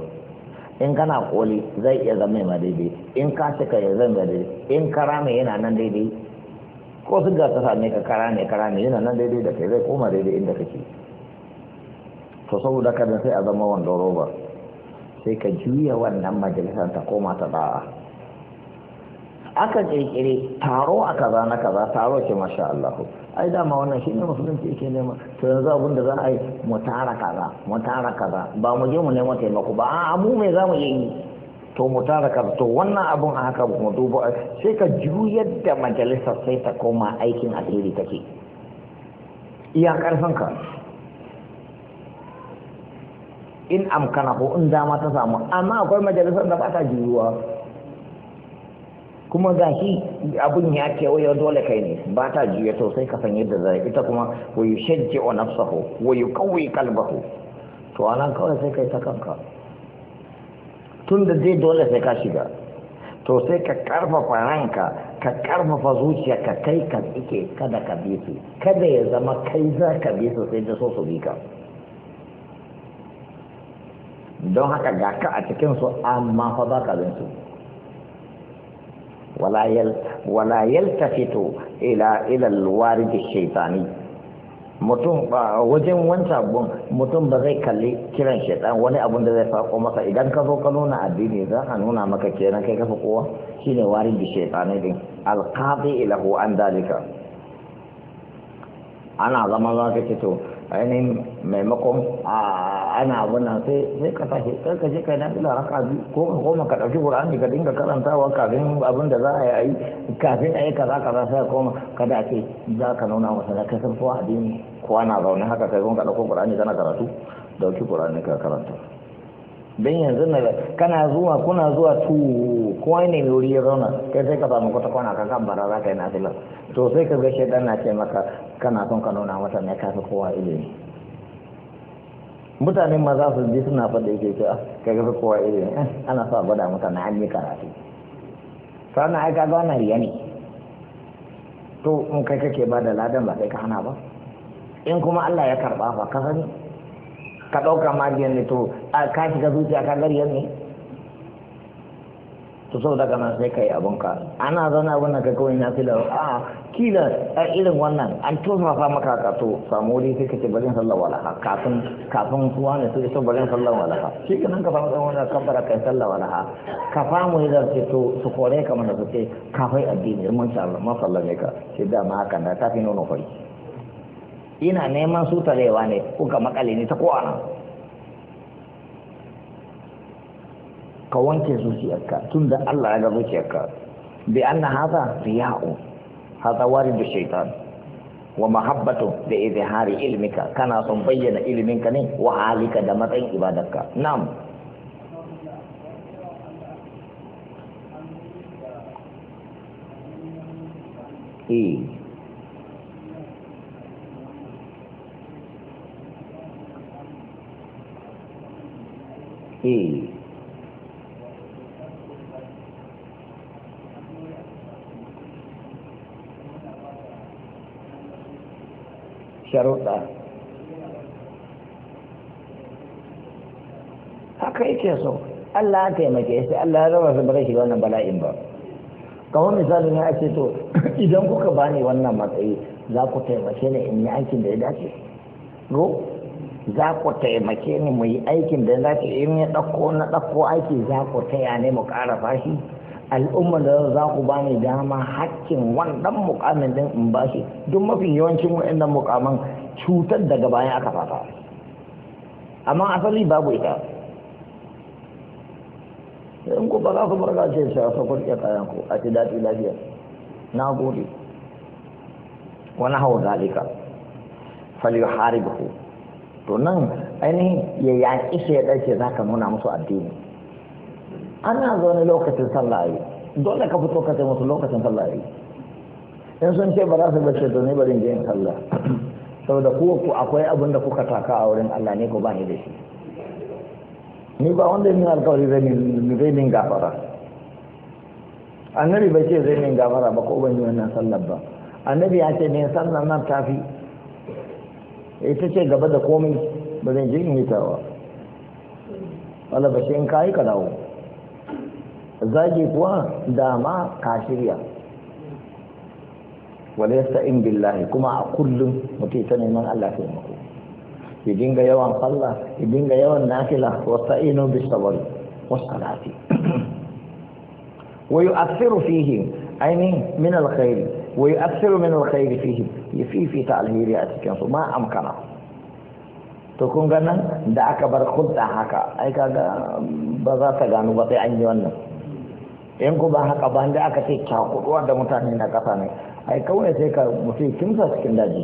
in kana koli zai iya zama ma daidai in ka cika ya zama daidai in kara ne yana nan daidai ko su ga ta same ka kara ne kara ne yana nan daidai da kai zai koma daidai inda kake to saboda kada sai a zama wanda roba sai ka juya wannan majalisar ta koma ta da'a aka kirkiri taro a kaza na kaza taro ke masha Allah ai dama wannan shine musulunci yake nema to yanzu abin da za a yi mu tara kaza mu tara kaza ba mu je mu nemo taimako ba a abu mai mu yi to mu tara kaza to wannan abun a haka mu dubo sai ka juyar da majalisar sai ta koma aikin alheri take iya karfin ka in amkana ko in dama ta samu amma akwai majalisar da ba ta juyuwa kuma ga shi abin ya kewaye dole kai ne ba ta juya to sai ka san yadda zai ita kuma wa yushajji wa nafsahu wa yuqawwi qalbahu to anan kawai sai kai ta kanka tun da zai dole sai ka shiga to sai ka karfafa ranka ka karfafa zuciya ka kai ka tsike kada ka bi su kada ya zama kai za ka bi su sai da so su bi ka don haka ga ka a cikin su amma fa ba ka bin su ولا يل ولا يلتفت الى الى الوارد الشيطاني mutum wajen wancan abun mutum ba zai kalli kiran shaitan wani abun da zai fako masa idan ka zo ka nuna addini za a nuna maka kenan kai kafa kowa shine warin da shaitani din alqadi ilahu an dalika ana zama za ka to ainihin maimakon ana wannan sai sai ka tashi sai ka je kai na ila raka ko ka koma ka ɗauki Qur'ani ka dinga karantawa kafin abin da za a yi kafin a yi kaza kaza sai koma ka da ake za ka nuna masa da kasar ko addini ko ana zaune haka kai kun ka ɗauko Qur'ani kana karatu ɗauki Qur'ani ka karanta dan yanzu na kana zuwa kuna zuwa tu kowa ne wuri ya zauna kai sai ka samu kwata kwana ka kan bara za ka yi nasilar to sai ka ga shaidan na ce maka kana son ka nuna mata ne kafi kowa ilimi mutanen ma za su ji suna faɗa yake ce ka ga kowa ilimi eh, ana sa gwada na an yi karatu sannan ai kaga wannan riya ne to in kai kake ba da ladan ba sai ka hana ba in kuma Allah ya karɓa ba ka sani ka ɗauka magiyar ne to a ka shiga zuciya ka gariyar ne to sau daga nan sai ka yi abinka ana zana wannan ka kawai na fila a kila a irin wannan an fa maka ka to samu wuri sai ka ce barin sallar walaha kafin kafin kuwa ne sai so barin sallar walaha shi ka nan ka samu tsawon wannan fara kai sallar walaha ka famu yi zarce to su kore ka mana su ce kafai addini mun sallar ne ka sai ma haka na ta fi nono fari ina neman sutarewa ne kuka makale ni ta ko'ana ka wanke zuciyarka tun da Allah ya ga zuciyarka bi anna hadha riya'u hadha waridu shaitan wa mahabbatu da izhari ilmika kana son bayyana ilminka ne wa halika da matsayin ibadarka Nam. eh eh sharuɗa haka yake so Allah ya taimake shi Allah ya raba su ba shi wannan bala'in ba kamar misali ne ake to idan kuka bani wannan matsayi za ku taimake ni in yi aikin da ya dace go za ku taimake ni mu yi aikin da za in ya ɗauko na ɗauko aiki za ku taya ne mu ƙara fashi al'umma da za ku ba ni dama hakkin wannan mukamin din in ba shi duk mafi yawancin wa'annan mukaman cutar daga bayan aka fata amma asali babu ita in ku ba za ku barga ce a kurke kayan ku a ti daɗi lafiya na gode wani hau zalika fali haribu to nan ainihin ya yaƙi shi ya ɗauke za ka nuna musu addini ana zaune lokacin sallah dole ka fito ka musu lokacin sallah in sun ce ba za su bace to ne bari je in sallah saboda ku ku akwai abin da kuka taka a wurin Allah ne ku ba ni da shi ni ba wanda yin alkawari zai min gafara annabi bai ce zai min gafara ba ko ban yi wannan sallar ba annabi ya ce ne sallar nan tafi ita ce gaba da komai ba zan je in yi tawa wala ba in kayi ka dawo zagi kuwa dama ka shirya wala yasta'in billahi kuma a kullum mutum ta neman Allah ta mako ya dinga yawan sallah ya dinga yawan nafila wasta'inu bis sabr was salati wa yu'athiru fihi aini min al-khair wa yu'athiru min al-khair fihi ya fifita alheri a cikinsu ma amkana to kun ga nan da aka bar hulɗa haka ai kaga um, ba za ta gano ba sai an yi wannan in ku ba haka ba da aka ce cakuɗuwa da mutane na ƙasa ne ai kawai sai ka mutum kimsa cikin daji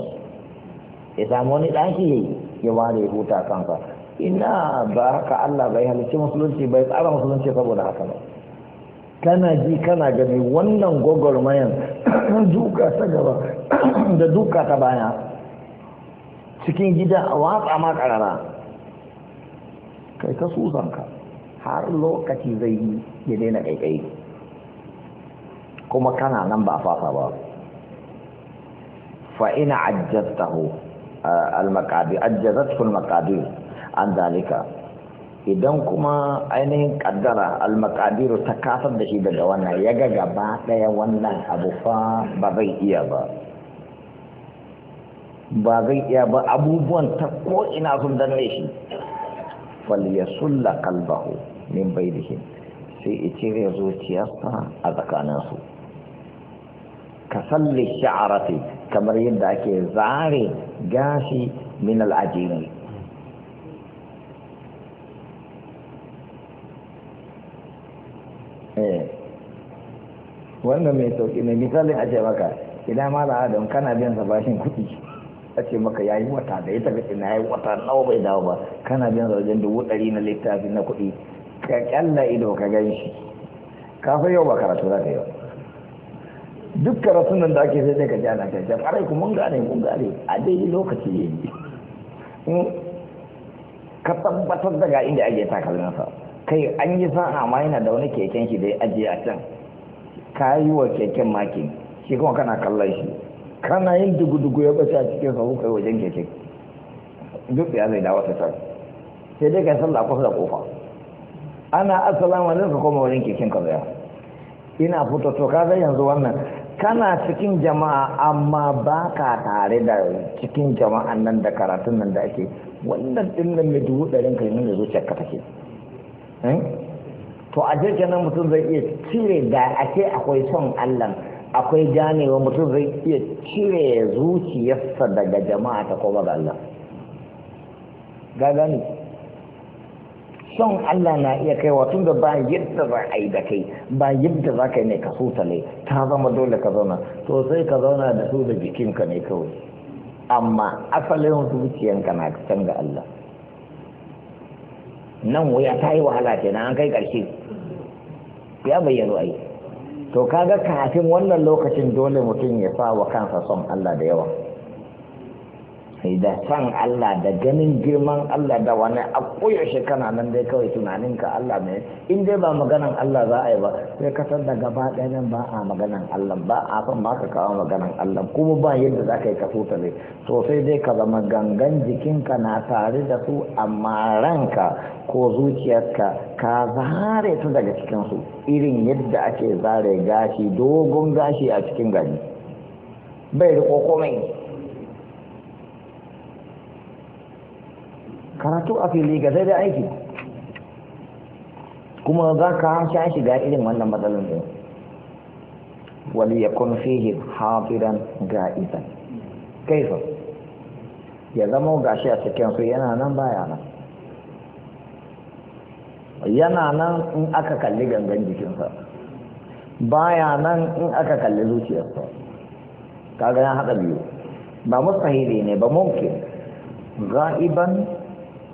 ya samu wani ɗaki ya ware huta kansa ina ba haka Allah bai halicci musulunci bai tsara musulunci saboda haka ba kana ji kana gani wannan gwagwarmayan duka ta gaba da duka ta baya cikin gida a watsa ma karara kai ta susanka har lokaci zai yi ya daina kaikai kuma kana nan ba fasa ba fa'ina ajjatahu al-maqadir ajjazathu al-maqadir an dalika idan kuma ainihin kaddara almakadiru ta kasar da shi daga wannan ya ga gaba ɗaya wannan abu fa ba zai iya ba ba zai iya ba abubuwan ta ko ina sun danne shi falyasulla kalbahu min shi. sai ya cire zuciyarsa a tsakaninsu ka salli sha'arati kamar yadda ake zare gashi min al'ajiri Eh. wannan mai sauki ne misalin a ce maka idan ma da adam kana biyan sa bashin kuɗi a ce maka ya yi wata da ya tafi ina ya yi wata nawa bai dawo ba kana biyan sa wajen dubu ɗari na littafi na kuɗi ka ƙyalla ido ka gan shi kafin yau ba karatu za ka yi duk karatun nan da ake sai dai ka ji ana kyakkyar ƙarai ku mun gane mun gane a daidai lokaci ya yi hmm. ka tabbatar daga inda ake takalmin sa. kai an yi sa'a ma yana da wani keken shi da ya ajiye a can ka yi wa keken maki shi kuma kana kallon shi kana yin dugu-dugu ya bace a cikin sa kai wajen keken duk ya zai dawo ta can sai dai ka sallah kusa da kofa ana assalamu alaikum koma wajen keken ka zaya ina fito to ka zai yanzu wannan kana cikin jama'a amma ba ka tare da cikin jama'an nan da karatun nan da ake wannan ɗin nan mai dubu ɗarin kai nuna zuciyarka take Eh? to a jirgin nan mutum zai iya cire da ake akwai son Allah akwai ganewa mutum zai iya cire zuciyarsa daga jama'a ta koma ga Allah ga son Allah na iya kaiwa tun da ba yadda za a yi da kai ba yadda za ka yi ne ka sutale ta zama dole ka zauna to sai ka zauna da su da jikinka ne kawai amma asalin zuciyanka na can ga Allah nan wuya ta yi wahala ce na an kai ƙarshe ya bayyana ai to kaga kafin wannan lokacin dole mutum ya sa wa kansa son Allah da yawa sai da san Allah da ganin girman Allah da wani a koyaushe kana nan dai kawai tunanin ka Allah ne in dai ba maganan Allah za a yi ba sai ka san da gaba ɗaya nan ba a maganan Allah ba a san ba ka kawo maganan Allah kuma ba yadda za ka yi ka ta ne to dai ka zama gangan jikinka na tare da su amma ranka ko zuciyarka ka zare su daga cikinsu irin yadda ake zare gashi dogon gashi a cikin gari bai riko komai karatu a fili ga zai da aiki kuma za ka sha shiga irin wannan matsalin din Wani ya kun fihi hafiran ga'iban kaifa ya zama gashi a cikin su yana nan baya nan yana nan in aka kalli gangan jikinsa baya nan in aka kalli zuciyarsa kaga ya haɗa biyu ba mustahili ne ba mumkin ga'iban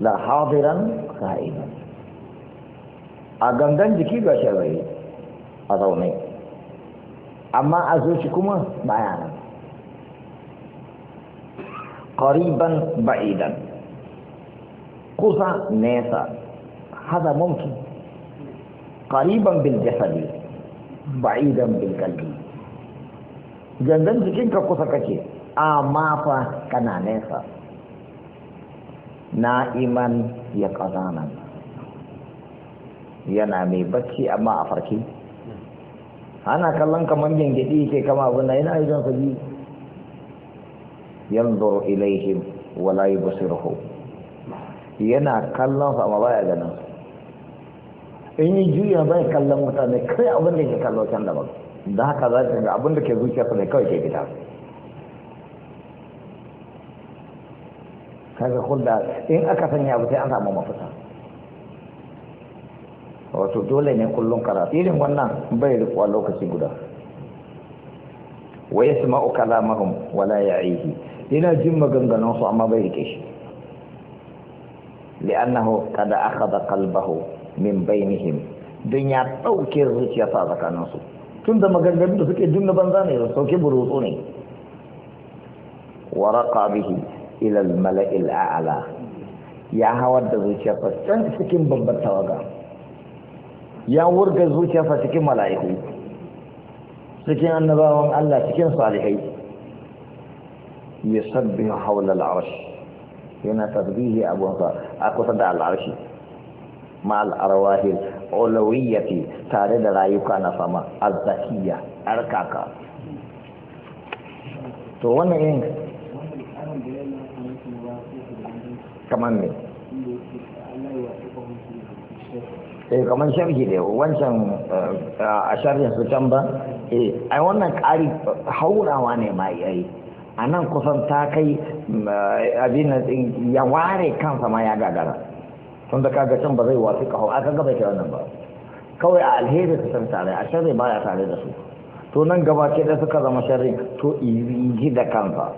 la hadiran qa'iman a gangan jiki ga shi a zaune amma a zuci kuma baya nan ba'idan kusa nesa hada mumkin ƙariban bil jasadi ba'idan bil kalbi gangan jikinka kusa kake amma fa kana nesa na'iman ya ƙazanan yana mai bacci amma a farki ana kallon kamar gengedi yake kama abin da yana idan su Yan yanzuru ilaihim wala yubsiruhu yana kallon su amma baya ganin in yi juya bai kallon mutane kai abin da ke kallo can daban da haka za ka ga abin da ke zuciyarsa ne kawai ke gida kaga hulɗa in aka sanya abu sai an samu mafita wato dole ne kullum karatu irin wannan bai rikuwa lokaci guda wa yasma'u kalamahum wala ya'ihi yana jin maganganun su amma bai rike shi li'annahu kada akhadha qalbahu min bainihim don ya dauke zuciya sa tsakaninsu tun da maganganun da suke jin na banza ne sauke burutsu ne waraka bihi ilal mala'il a'ala ya hawar da zuciyarsa can cikin babbar tawaga ya wurga zuciyarsa cikin mala'iku cikin annabawan Allah cikin salihai ya sabbi haula al'arsh yana tasbihi abunsa a kusa da al'arsh ma al'arwahil ulawiyyati tare da rayuka na sama azzakiya arkaka to wannan yin kamar ne eh kamar sharhi ne wancan eh, a sharhin su can ba eh ai wannan ƙari haurawa ne ma yi a nan kusan ta kai mm, eh, abin ya ware kansa ma ya gagara tun da kaga can ba zai wasu kaho kan gaba ke wannan ba kawai a alheri su san tare a sharri baya tare da su to nan gaba ce da suka zama sharri to iri da kansa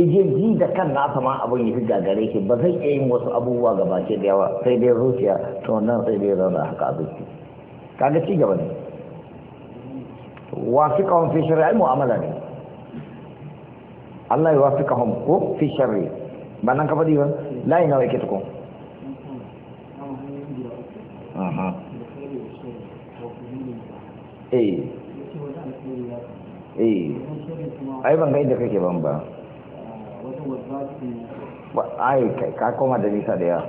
ji da kan na sama abin yi fi gare ke ba zai iya yin wasu abubuwa ga baki da yawa sai dai zuciya to nan sai dai zauna haka zuci kaga ci gaba ne wasu kawon fi shari'a mu'amala ne Allah ya wasu kawon ko fi shari'a ba nan kafa diwa layi na yake tukun eh. Eh. ai ban ga inda kake ban ba ai ka koma da nisa da yawa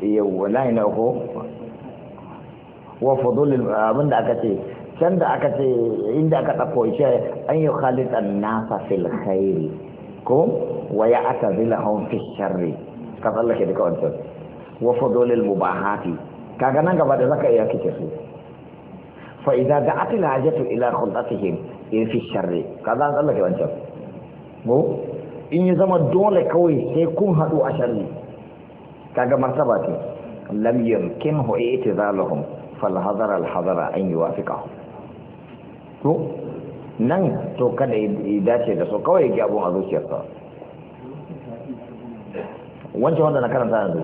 yau layi na uku wa fudulil abin da aka ce can da aka ce inda aka ɗauko ishe an yi halittar nasa fil khairi ko wa ya aka zila hon fi sharri ka tsallake duka wancan wa fudulil mubahati kaga nan gaba da zaka iya kike su fa idza da'at al hajatu ila khulqatihim fi sharri kaga an tsallake wancan mu in yi zama dole kawai sai kun haɗu a sharri kaga martaba ce lam yumkin hu za fal hadara al hadara an yuwafiqahu to nan to kada ya dace da so kawai ya abun a zuciyarsa wancan wanda na karanta yanzu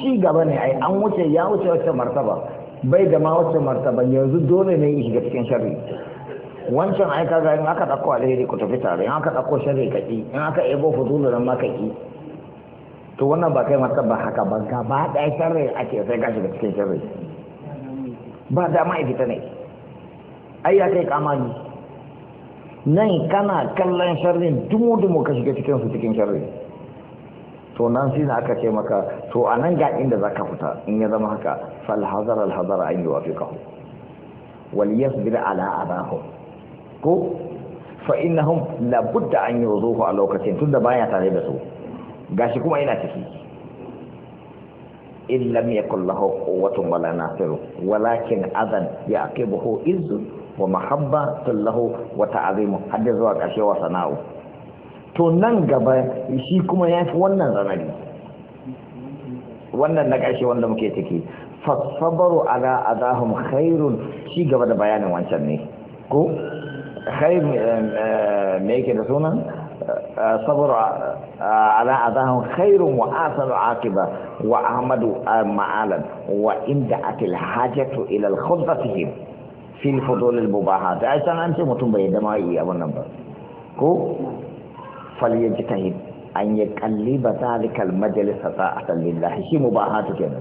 ci gaba ne ai an wuce ya wuce wacce martaba bai da ma wacce martaba yanzu dole ne ya shiga cikin sharri wancan ai kaga in aka dauko alheri ku tafi tare in aka dauko sharri ka ki in aka ebo fudulu nan maka ki to wannan ba kai masa ba haka ba ga ba da sharri ake sai ka da cikin sharri ba da mai fita ne ai ya kai kamani nan kana kallon sharrin dumu dumu ka shiga cikin su cikin sharri to nan shi aka ce maka to a nan ga inda za ka fita in ya zama haka falhazar alhazar an yi wa fi kahu wal yasbir ala abahu ko fa innahum la budda an yuzuhu a lokacin tunda baya tare da su gashi kuma ina ciki in lam yakul lahu quwwatun wala nasiru walakin adan yaqibuhu izzun wa mahabbatun lahu wa ta'zimu hadda zuwa karshe wa sana'u to nan gaba shi kuma ya fi wannan zanari wannan na karshe wanda muke ciki fasabaru ala adahum khairun shi gaba da bayanin wancan ne ko خير ما yake da sunan صبر على أذاهم خير وآثر عاقبة وأحمد معالا وإن دعت الحاجة إلى الخضرتهم في الفضول المباحات أيضا أنت متنبي دمائي أبو النمبر كو فليجتهد أن يقلب ذلك المجلس طاعة لله شي مباحات كده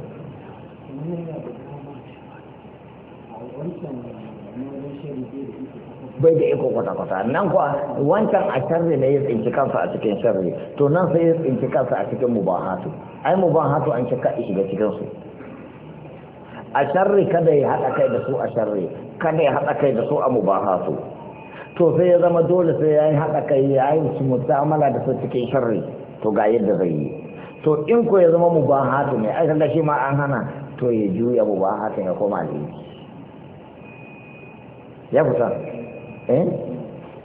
bai da iko kwata-kwata nan kuwa wancan a sharri ne ya tsinci kansa a cikin sharri to nan sai ya tsinci kansa a cikin mubahatu ai mubahatu an ci ka shiga cikin su a sharri kada ya haɗa kai da su a sharri kada ya haɗa kai da su a mubahatu to sai ya zama dole sai ya yi haɗa kai ya yi su mutamala da su cikin sharri to ga yadda zai yi to in ko ya zama mubahatu ne ai kaga shi ma an hana to ya juya mubahatu ya koma ne ya fita Eh?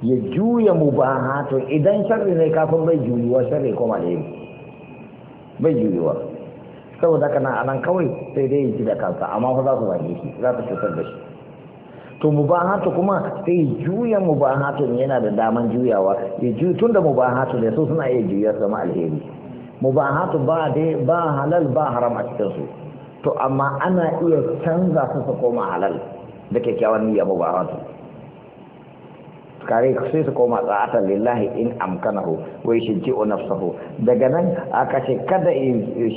ya juya mu ba idan sharri ne kafin bai juyuwa sharri kuma ne bai juyuwa saboda haka nan anan kawai sai dai ya da kansa amma fa za su zage shi za su cutar da shi to mubahatu kuma sai juya ne yana da daman juyawa ya ju tun da mubahatu da su suna iya juyar zama alheri mubahatu ba dai ba halal ba haram a cikin su to amma ana iya canza su su koma halal da kyakkyawan niyya mubahatu kare sai su koma tsa'atan lillahi in amkanahu wa yashji'u nafsahu daga nan aka ce kada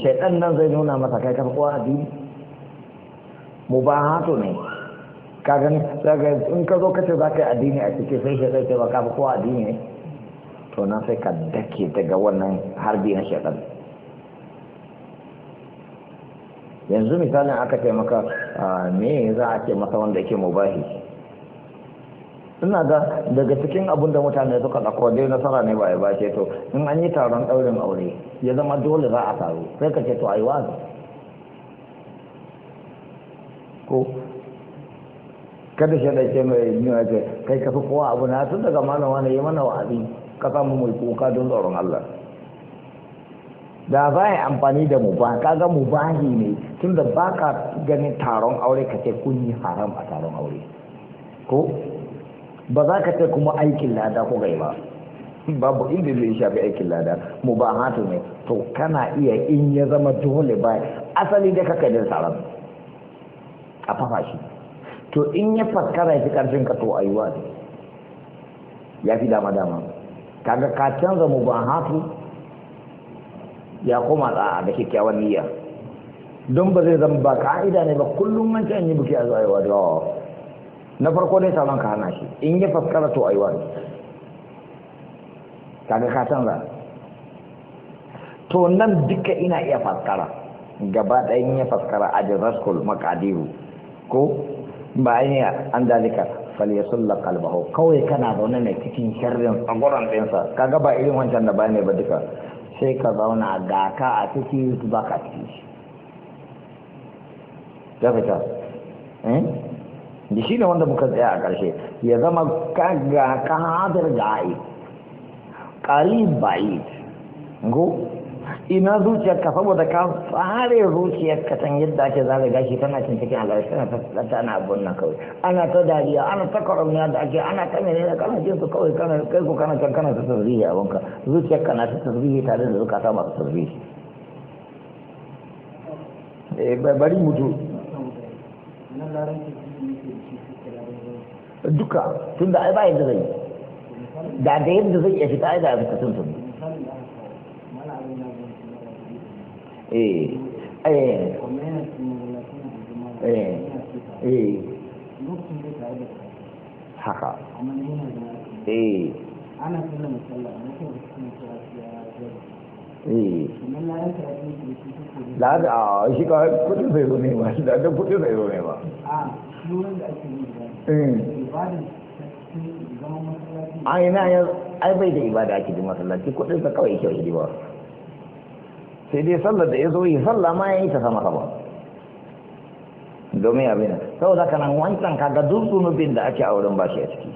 shaidan nan zai nuna masa kai kafa kowa addini hato ne ka daga in ka zo kace za ka yi addini a cikin sai shi ce ba ka kowa addini ne to nan sai ka dake daga wannan harbi na shaidan, yanzu misalin aka ce maka me za a ce masa wanda yake mubahi ina ga daga cikin abin da mutane suka ɗauko dai nasara ne ba ya ba ce to in an yi taron ɗaurin aure ya zama dole za a taru sai ka ce to a yi wazi ko kada shi da ke mai nuna ce kai ka fi kowa abu na tun daga malam wani ya mana wa'azi ka samu mai kuka don tsoron Allah da za yi amfani da mubah mu mubahi ne tun da ba ka ganin taron aure ka ce kun yi haram a taron aure ko ba za ka ce kuma aikin lada ko gai ba babu inda zai shafi aikin lada mu ba hatu ne to kana iya in ya zama dole ba asali da ka kai tsaron a fafa shi to in ya faskara ya fi karfin ka to ayuwa ne ya fi dama dama kaga ka canza mu ba hatu ya koma da kyakkyawan niyya don ba zai zama ba ka'ida ne ba kullum an yi buki a zuwa da na farko dai salon ka hana shi in yi faskara to ayi ne kaga ka canza to nan duka ina iya faskara gaba ɗayan ya faskara a jirarskul makadiru ko ba ainihin an dalika faliyasun lakalbaho kawai kana zaune mai cikin sharrin tsagoron ɗinsa kaga ba irin wancan da ba ba duka sai ka zauna ga ka a ciki ba ka ciki shi da shi ne wanda muka tsaya a ƙarshe ya zama ga kadar da ayi ƙari bayi go ina zuciyarka saboda ka fare zuciyarka tan yadda ake zaga gashi tana cin cikin ƙarshe tana ta ana abin nan kawai ana ta dariya ana ta karauniya da ake ana ta mene da kana jinsu kawai kana kai ko kana can kana ta tasbihi abunka zuciyarka na ta tasbihi tare da ta masu tasbihi eh, bari mutu duka tun da ai ba yadda zai da da yadda zai iya fita da yadda tun tun eh, eh, eh, haka ana ya da a shi kawai kudin zai zo ba da kudin zai zo eh. ba ai da ibada ake jin masallaci kudin sa kawai kyau shi ya zo ya yi domin auren ba shi a ciki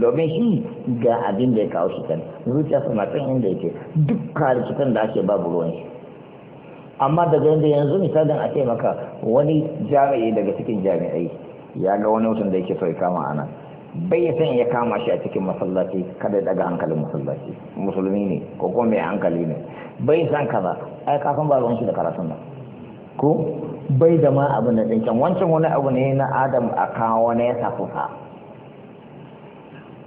domin ga abin da ya kawo shi kan zuciya suna kan inda yake duk kan da ake babu ruwan shi amma daga yadda yanzu misalin a maka wani jami'i daga cikin jami'ai ya ga wani mutum da yake so ya kama a nan bai san ya kama shi a cikin masallaci kada ya daga hankalin masallaci musulmi ne ko kuma mai hankali ne bai san kaza ai kafin ba ruwan shi da karatun nan ko bai da ma abin da dinkin wancan wani abu ne na adam a kawo na ya safu sa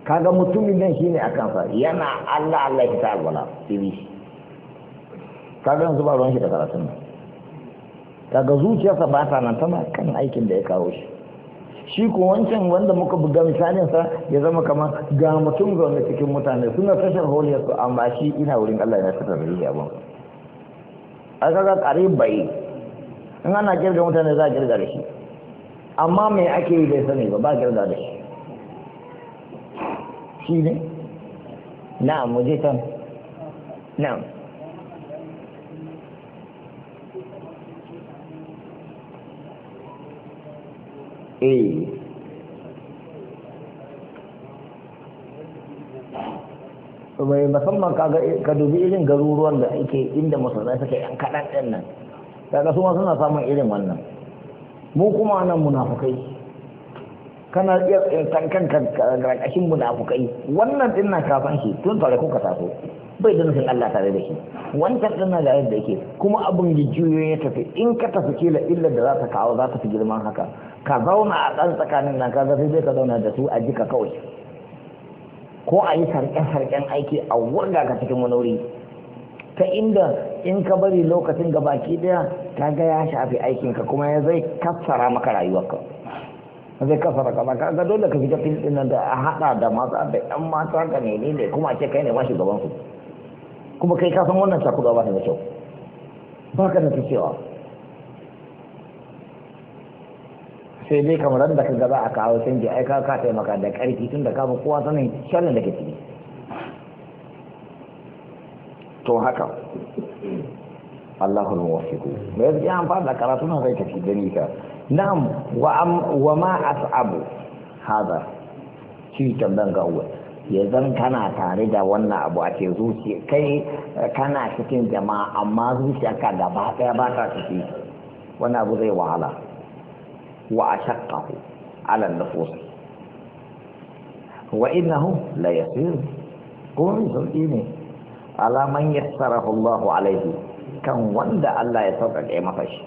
kaga mutumin nan shine a kansa yana Allah Allah ya ta alwala shi kaga yanzu ba ruwan shi da karatun nan kaga zuciyarsa ba ta nan tana kan aikin da ya kawo shi shi ko wancan wanda muka buga misalin sa ya zama kamar ga mutum zaune cikin mutane suna tashar holiyar su amma shi ina wurin Allah ya tashar da riya ban a kaga bai in ana kirga mutane za a kirga da shi amma me ake yi bai sani ba ba kirga da shi shi ne na'am muje tan na'am eh bai musamman kaga ka dubi irin garuruwan da ake inda musulmai suke yan kaɗan ɗin nan kaga su suna samun irin wannan mu kuma nan munafukai kana iya tsankan karkashin munafukai wannan ɗin na ka shi tun tare kuka taso bai da nufin Allah tare da shi wancan din na da yadda yake kuma abun juyo ya tafi in ka tafi kila illar da za ta kawo za ta fi girman haka ka zauna a ɗan tsakanin nan ka sai ka zauna da su a jika kawai ko a yi sarƙen-sarƙen aiki a wurga ka cikin manori ta inda in ka bari lokacin ga baki daya ta ga ya shafi aikinka kuma ya zai kassara maka rayuwarka zai kassara kama ka ga dole ka fita nan da a haɗa da mata da 'yan mata ga ne ne kuma ce kai ne ma shugaban su. kuma kai kasan wannan cakuɗa ba ta da kyau ba ka nufi cewa sai dai kamar da ka gaba a kawo canji ai ka taimaka da ƙarfi tun da ka fi kowa sanin sharrin da ke ciki to haka Allahul muwaffiqu me yake an fara karatu na zai tafi gani ka na'am wa am wa ma as'abu hada shi tambayan ga uwa ya zan kana tare da wannan abu a ce zuciya kai eh, kana cikin jama'a amma zuciyarka gaba ɗaya ba ta ciki wannan abu zai wahala wa a shakkahu ala nufus wa innahu la yasir ko mai sauƙi ne ala man yassarahu Allah alaihi kan wanda Allah ya sauƙaƙe masa shi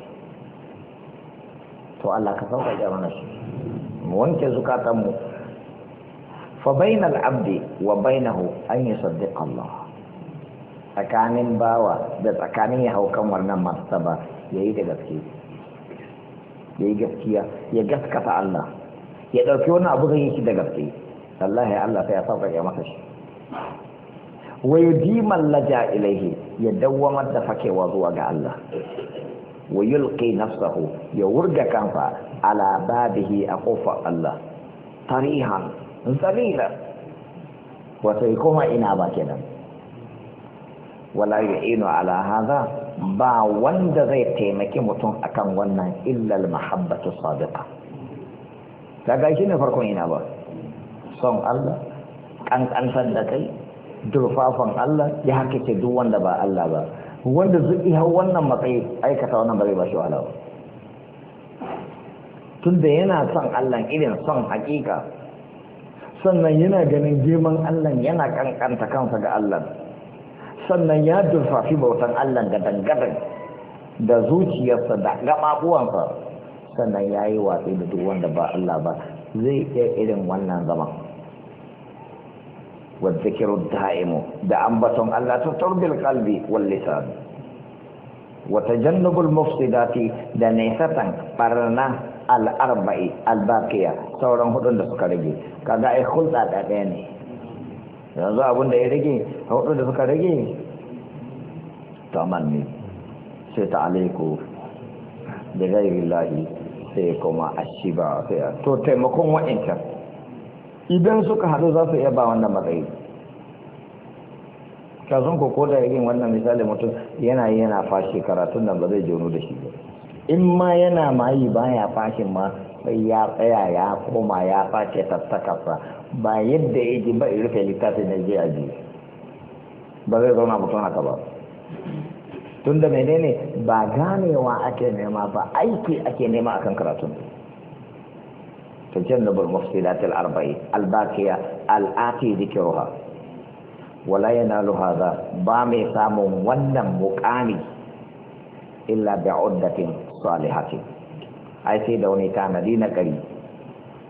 to Allah ka sauƙaƙe mana shi wanke zukatanmu fa bainal abdi wa bainahu an yusaddiq Allah tsakanin bawa da tsakanin ya haukan wannan martaba yayi da gaske yayi gaskiya ya gaskata Allah ya dauki wannan abu zai yi da gaske wallahi Allah sai ya masa shi wa yudima laja ilaihi ya dawwamar da fakewa zuwa ga Allah wa yulqi ya wurga kanfa ala a kofar Allah tarihan zalila wato ya koma ina ba kenan wala ino ala haza ba wanda zai taimaki mutum akan wannan illal mahabbatu sadiqa kaga shi ne farkon ina ba son Allah kankantar da kai durfafan Allah ya haka ce duk wanda ba Allah ba wanda zai iya wannan matsayi aikata wannan ba zai ba shi wahala ba tunda yana son Allah irin son hakika sannan yana ganin girman Allah yana kankanta kansa ga Allah sannan ya durfafi bautan Allah ga dangadan da zuciyarsa da gaɓaɓuwansa sannan ya yi watsi da duk wanda ba Allah ba zai iya irin wannan zama wadda kiru da'imu da ambaton Allah ta tarbil kalbi wal lisan wata jannubul mufsidati da nesatan barna al'arba'i albakiya sauran hudun da suka rage kaga ai hulɗa da ɗaya ne yanzu abin da ya rage hudun da suka rage manni sai ta alaiku da gairi lahi sai kuma ashiba sai to taimakon wa'inta idan suka haɗu za su iya ba wannan matsayi kazan ko ko da yin wannan misali mutum yana yana fashi karatun nan ba zai jono da shi ba in ma yana mayi baya fashin ma sai ya tsaya ya koma ya face tattakarsa ba yadda ya ba in rufe littafin na je a ba zai zauna mutum haka ba tun da menene ba ganewa ake nema ba aiki ake nema akan karatun تجنب المفصلات الأربعين الباقية الآتي ذكرها ولا ينال هذا بامي سام ونم مقامي إلا بعدة salihati ai sai da wani tanadi na kari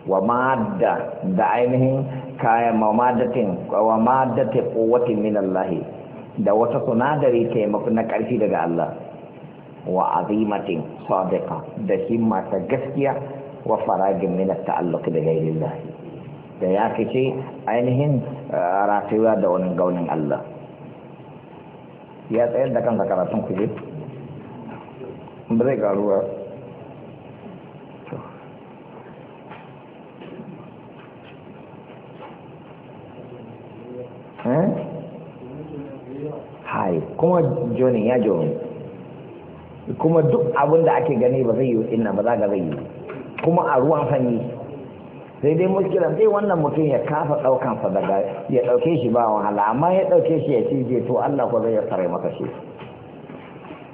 wa madda da ainihin kayan mamadatin wa maddatin quwwatin min Allah da wata sunadari taimako na karfi daga Allah wa azimatin sadiqa da himma ta gaskiya wa faragin min ta'alluq da ghairillah da ya kace ainihin eh, ratuwa da wani gaunin Allah ya tsayar da kansa karatun kuje ba zai karu ba eh? hai kuma joni ya joni kuma duk abin da ake gani ba zai yi inna ba za ga zai yi kuma a ruwan sanyi sai dai muskilan sai wannan mutum ya kafa ɗaukansa daga ya ɗauke shi ba wahala amma ya ɗauke shi ya cije to Allah ko zai ya tsare masa shi